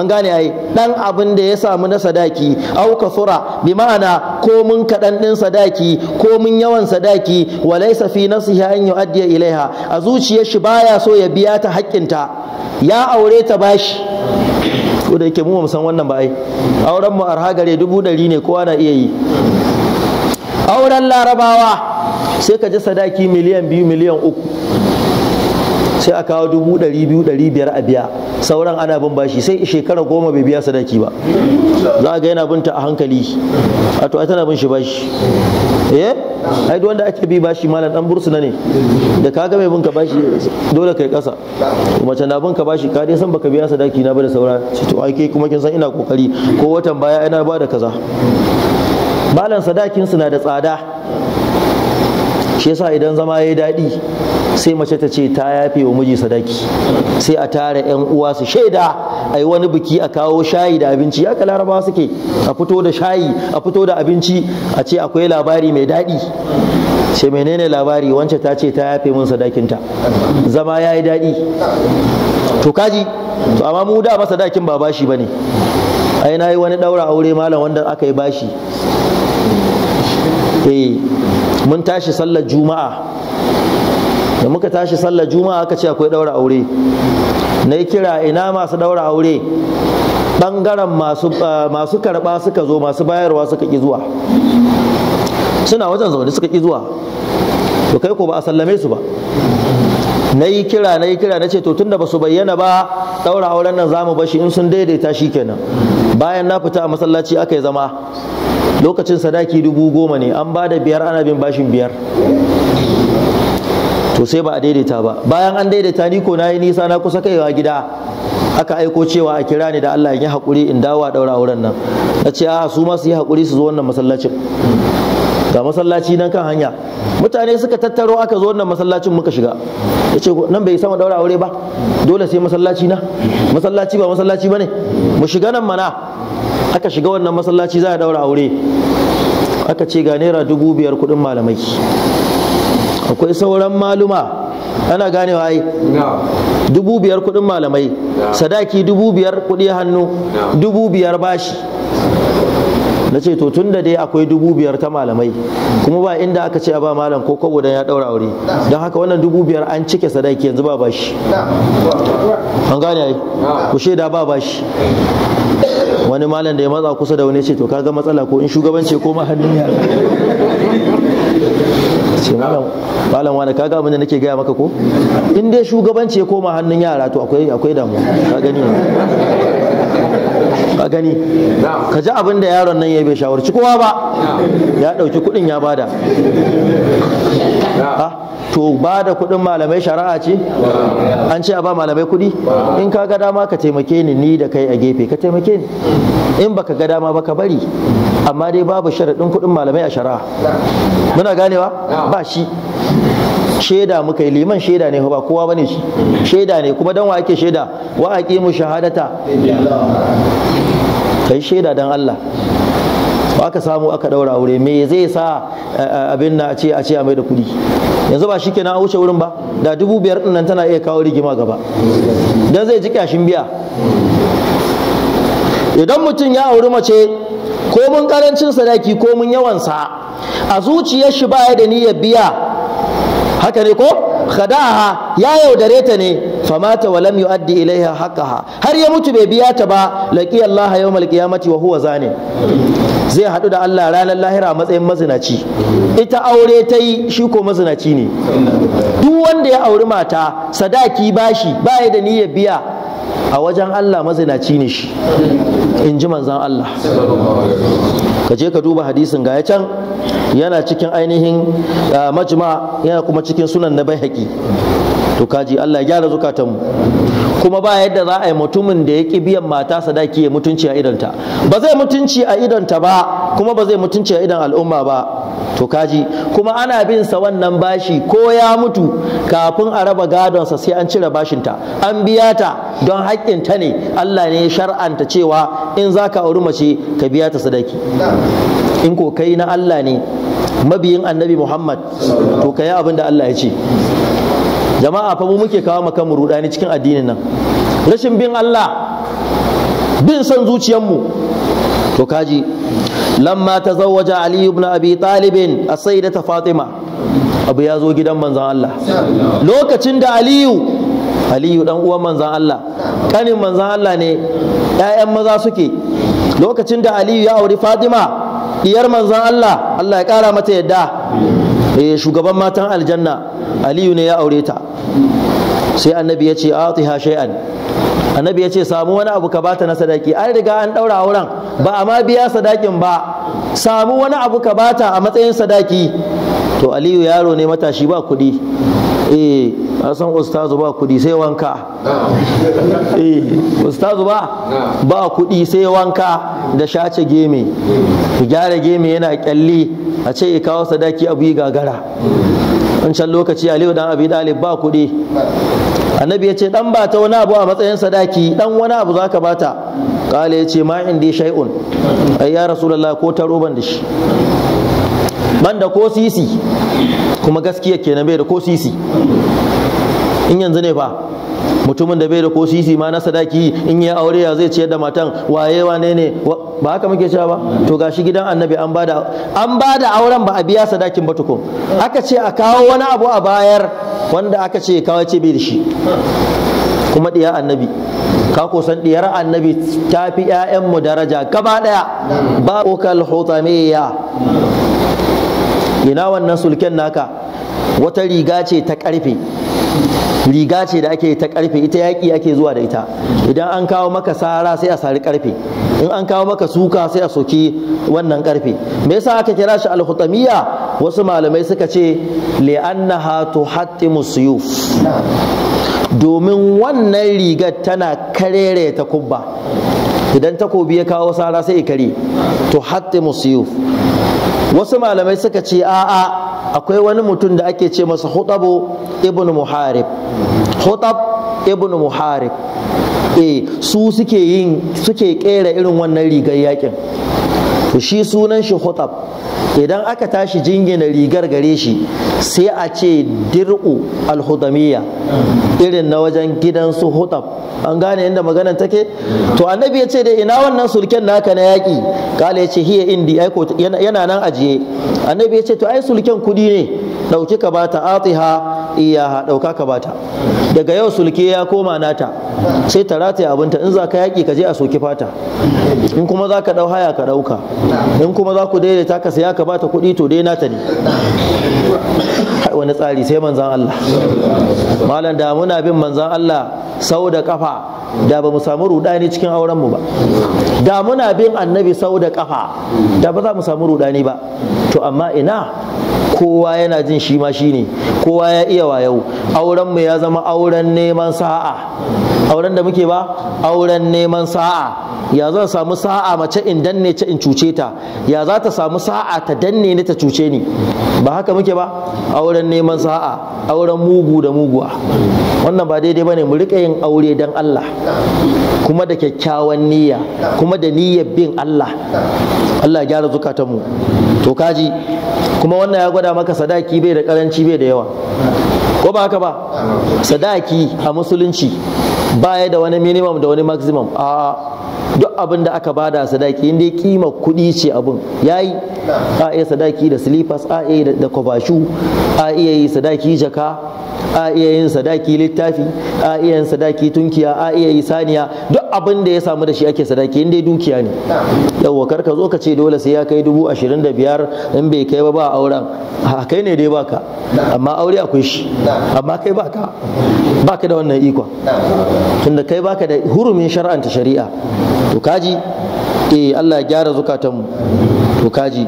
an gane ai dan abin da ya samu na sadaki au kasura bi ma'ana ko mun kaɗan ɗin sadaki ko mun yawan sadaki walaysa na fi nafsihi an yu'addi ilaiha a zuciyar shi baya so ya biya ta ta, ya aure ta bashi ko da yake mu mu san wannan ba ai auren mu arha gare dubu ɗari ne kowa na iya yi auren larabawa sai ka ji sadaki miliyan biyu miliyan uku sai a kawo dubu ɗari biyu ɗari biyar a biya sauran ana bin bashi sai shekara goma bai biya sadaki ba za a ga yana binta a hankali a to ai tana bin shi bashi eh ai duk wanda ake bi bashi malam dan bursuna ne da kaga mai binka bashi dole kai kasa mace na binka bashi ka dai san baka biya sadaki na ba da saura to ai kuma kin san ina kokari ko watan baya ina ba da kaza malam sadakin su na da tsada shi yasa idan zama ya yi daɗi sai mace ta ce ta yafe wa miji sadaki sai a tara yan uwa su shaida a yi wani biki a kawo shayi da abinci ka larabawa suke a fito da shayi a fito da abinci a ce akwai labari mai daɗi ce menene labari wance ta ce ta yafe mun sadakinta zama ya yi daɗi to kaji to amma mu da masa dakin ba bashi bane ai na yi wani ɗaura aure malam wanda aka yi bashi eh mun tashi sallar juma'a da muka tashi sallar juma'a aka ce akwai ɗaura aure na yi kira ina masu ɗaura aure ɓangaren eh, masu karɓa suka zo masu bayarwa suka ƙi zuwa suna wajen zaune suka ƙi zuwa to kai ko ba a sallame su ba na yi kira na yi kira na ce to da ba su bayyana ba ɗaura auren nan za mu bashi in sun daidaita shi kenan bayan na fita a masallaci aka yi zama lokacin sadaki dubu goma ne an ba da biyar ana bin bashin biyar to sai ba a daidaita ba bayan an daidaita ni ko na yi nisa na kusa kaiwa gida aka aiko cewa a kira ni da Allah ya haƙuri in dawo a ɗaura auren nan na ce a su ma su yi haƙuri su zo wannan masallacin ga masallaci nan kan hanya mutane suka tattaro aka zo wannan masallacin muka shiga ya ce nan bai sama ɗaura aure ba dole sai masallaci na masallaci ba masallaci ba ne mu shiga nan mana aka shiga wannan masallaci za a daura aure aka ce ga naira dubu biyar kudin malamai akwai sauran maluma ana ganewa ai dubu biyar kudin malamai sadaki dubu biyar kudi hannu dubu biyar bashi na ce to tun da dai akwai dubu biyar ta malamai kuma ba inda aka ce a ba malam ko kobo dan ya daura aure don haka wannan dubu biyar an cike sadaki yanzu ba bashi an gane ai ku shaida ba bashi wani malam da ya matsa kusa da wani ce to kaga matsala ko in shugabance ko mahallin yara ce malam malam wani kaga abin da nake gaya maka ko in dai shugabanci ko ma hannun yara to akwai akwai damuwa ka gani ka gani ka ji abin da yaron nan ya yi bai shawarci kowa ba ya ɗauki kuɗin ya bada to ba da kuɗin malamai shari'a ce an ce a ba malamai kuɗi in ka ga dama ka taimake ni ni da kai a gefe ka taimake ni in ba ka ga dama ba ka bari amma dai babu sharaɗin kuɗin malamai a shari'a muna ganewa ba shi shaida muka yi liman shaida ne ba kowa bane shi ne kuma dan wa ake shaida wa aqimu shahadata kai shaida dan Allah aka samu aka daura aure me zai sa abin na ce a ce a mai da kuɗi yanzu ba shikenan na wuce wurin ba da dubu biyar din nan tana iya kawo rigima gaba dan zai ji kyashin biya idan mutum ya auri mace ko mun karancin sadaki ko mun yawan sa a zuciyar shi baya da niyyar biya haka ne ko khada'aha ya yaudare ta ne famata wa lam yu'addi ilaiha haqqaha har ya mutu bai biya ta ba laqi Allah yawmal qiyamati wa huwa zani zai hadu da Allah ranar lahira a matsayin mazinaci ita aure ta yi shi ko mazinaci ne duk wanda ya auri mata sadaki bashi baya da niyyar biya a wajen Allah mazinaci ne shi in ji manzan Allah ka je ka duba hadisin ga ya can yana cikin ainihin ah, majma yana kuma cikin sunan na bai haƙi to kaji Allah ya gyara zukatanmu kuma ba yadda za a yi mutumin da ya ki biyan mata sadaki ya mutunci a idanta ba zai mutunci a idonta ba kuma ba zai mutunci a idan al'umma ba to kaji kuma ana bin sa wannan bashi ko ya mutu kafin a raba gadon sa sai an cire bashin ta, an biya ta don haƙƙin ta ne Allah ne ya shar'anta cewa in za ka auri mace ka biya ta sadaki in ko kai na Allah ne mabiyin annabi Muhammad to ka yi abin Allah ya ce jama'a fa mu muke kawo maka mu rudani cikin addinin nan rashin bin Allah bin son zuciyarmu to kaji lamma tazawwaja ali ibn abi talib as-sayyidata fatima abu ya zo gidan manzan Allah lokacin da aliyu aliyu dan uwan manzan Allah kanin manzan Allah ne ƴaƴan maza suke lokacin da aliyu ya auri fatima diyar manzan Allah Allah ya kara mata yadda eh shugaban matan aljanna aliyu ne ya aure ta sai annabi ya ce atiha shay'an annabi ya samu wani abu ka bata na sadaki an riga an daura auren ba a ma biya sadakin ba samu wani abu ka bata a matsayin sadaki to aliyu yaro ne matashi ba kuɗi eh na san ustazu ba kudi sai wanka eh ustazu ba ba kudi sai wanka da shace geme hmm. gyara geme yana kyalli a ce ya kawo sadaki abu yi gagara wancan lokaci aliyu dan abi dalib ba kudi annabi ya ce dan ba ta wani abu a matsayin sadaki dan wani abu zaka bata kale ya ce ma indi shay'un ay ya rasulullah ko ta roban da shi ban da ko sisi kuma gaskiya kenan bai da ko sisi in yanzu ne fa mutumin da bai da ko sisi ma na sadaki in ya aure ya zai ciyar da matan waye wane ne ba haka muke cewa ba to gashi gidan annabi an bada an bada auren ba a biya sadakin ba tukun aka ce a kawo wani abu a bayar wanda aka ce kawai ce bai da shi kuma diya annabi ka kusan diyar annabi ta fi mu daraja gaba daya ba okal hutamiya ina wannan sulken naka wata riga ce ta karfe riga ce da ake ta karfe ita yaki ake zuwa da ita idan an kawo maka sara sai a sari karfe in an kawo maka suka sai a soki wannan karfe me yasa aka kira shi al-hutamiyya wasu malamai suka ce li'annaha tuhattimu suyuf domin wannan rigar tana karere ta kubba idan takobi ya kawo sara sai ikare to hatti musiyuf wasu malamai suka ce a'a akwai wani mutum da ake ce masa hutabu ibn muharib hutab ibn muharib e su suke yin suke kera irin wannan rigar yakin to shi sunan shi hutab idan aka tashi jingina rigar gare shi sai a ce dir'u alhudamiya irin na wajen gidan su hutab an gane inda maganar take to annabi ya ce da ina wannan sulken naka na yaki? kala ya ce hiya indi yana nan ajiye annabi ya ce to ai sulken kuɗi ne ɗauki ka bata atiha iyaha ɗauka ka bata daga yau sulke ya koma nata sai ta rataya abinta in za ka yaƙi ka je a soki fata in kuma za ka ɗau haya ka ɗauka in kuma za ku daidaita ka saya ka bata kuɗi to dai nata ne wani tsari sai manzan Allah malam da muna bin manzan Allah sau da kafa da ba mu samu rudani cikin auren mu ba da muna bin annabi sau da kafa da ba za mu samu rudani ba to amma ina kowa yana jin shi ma shine kowa ya iya wayau auren mu ya zama auren neman sa'a auren da muke ba auren neman sa'a ya zan samu sa'a mace in danne ce in cuce ta ya za ta samu sa'a ta danne ni ta cuce ni ba haka muke ba auren neman sa'a auren mugu da muguwa wannan ba daidai bane mu rika yin yin aure don Allah kuma da kyakkyawan niyya kuma da niyyar bin Allah Allah ya gyara zukatanmu to kaji kuma wannan ya gwada maka sadaki bai da karanci bai da yawa ko ba haka ba sadaki a musulunci baya da wani minimum da wani maximum a duk abin da aka bada sadaki inda kima kudi ce abin yayi a iya sadaki da slippers a iya da kwabashu a iya yi sadaki jaka a iya yin sadaki littafi a iya yin sadaki tunkiya a iya yi saniya duk abin da ya samu da shi ake sadaki in dai dukiya ne yawwa kar ka zo ka ce dole sai ya kai dubu ashirin da biyar in bai kai ba ba auren A kai ne dai baka amma aure akwai shi amma kai baka baka da wannan ikon tunda kai baka da hurumin shari'a to kaji eh Allah ya gyara zukatanmu to kaji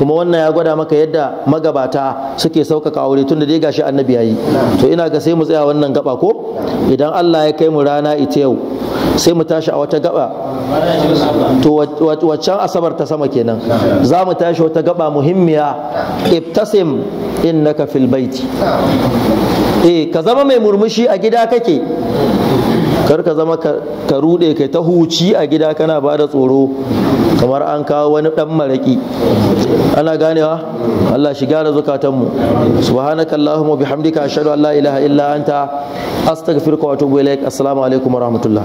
kuma wannan ya gwada maka yadda magabata suke sauƙaƙa aure tun da dai gashi annabi yayi to ina ga sai mu tsaya wannan gaba ko idan Allah ya kai mu rana ita yau sai mu tashi a wata gaba to waccan asabar ta sama kenan za mu tashi wata gaba muhimmiya ibtasim innaka fil baiti eh ka zama mai murmushi a gida kake kar ka zama ka rude kai ta huci a gida kana ba da tsoro kamar an kawo wani dan maraki ana ganewa Allah shi gane zukatanmu subhanaka allahumma bihamdika ashhadu an la ilaha illa anta astaghfiruka wa atubu ilaik assalamu alaikum wa rahmatullah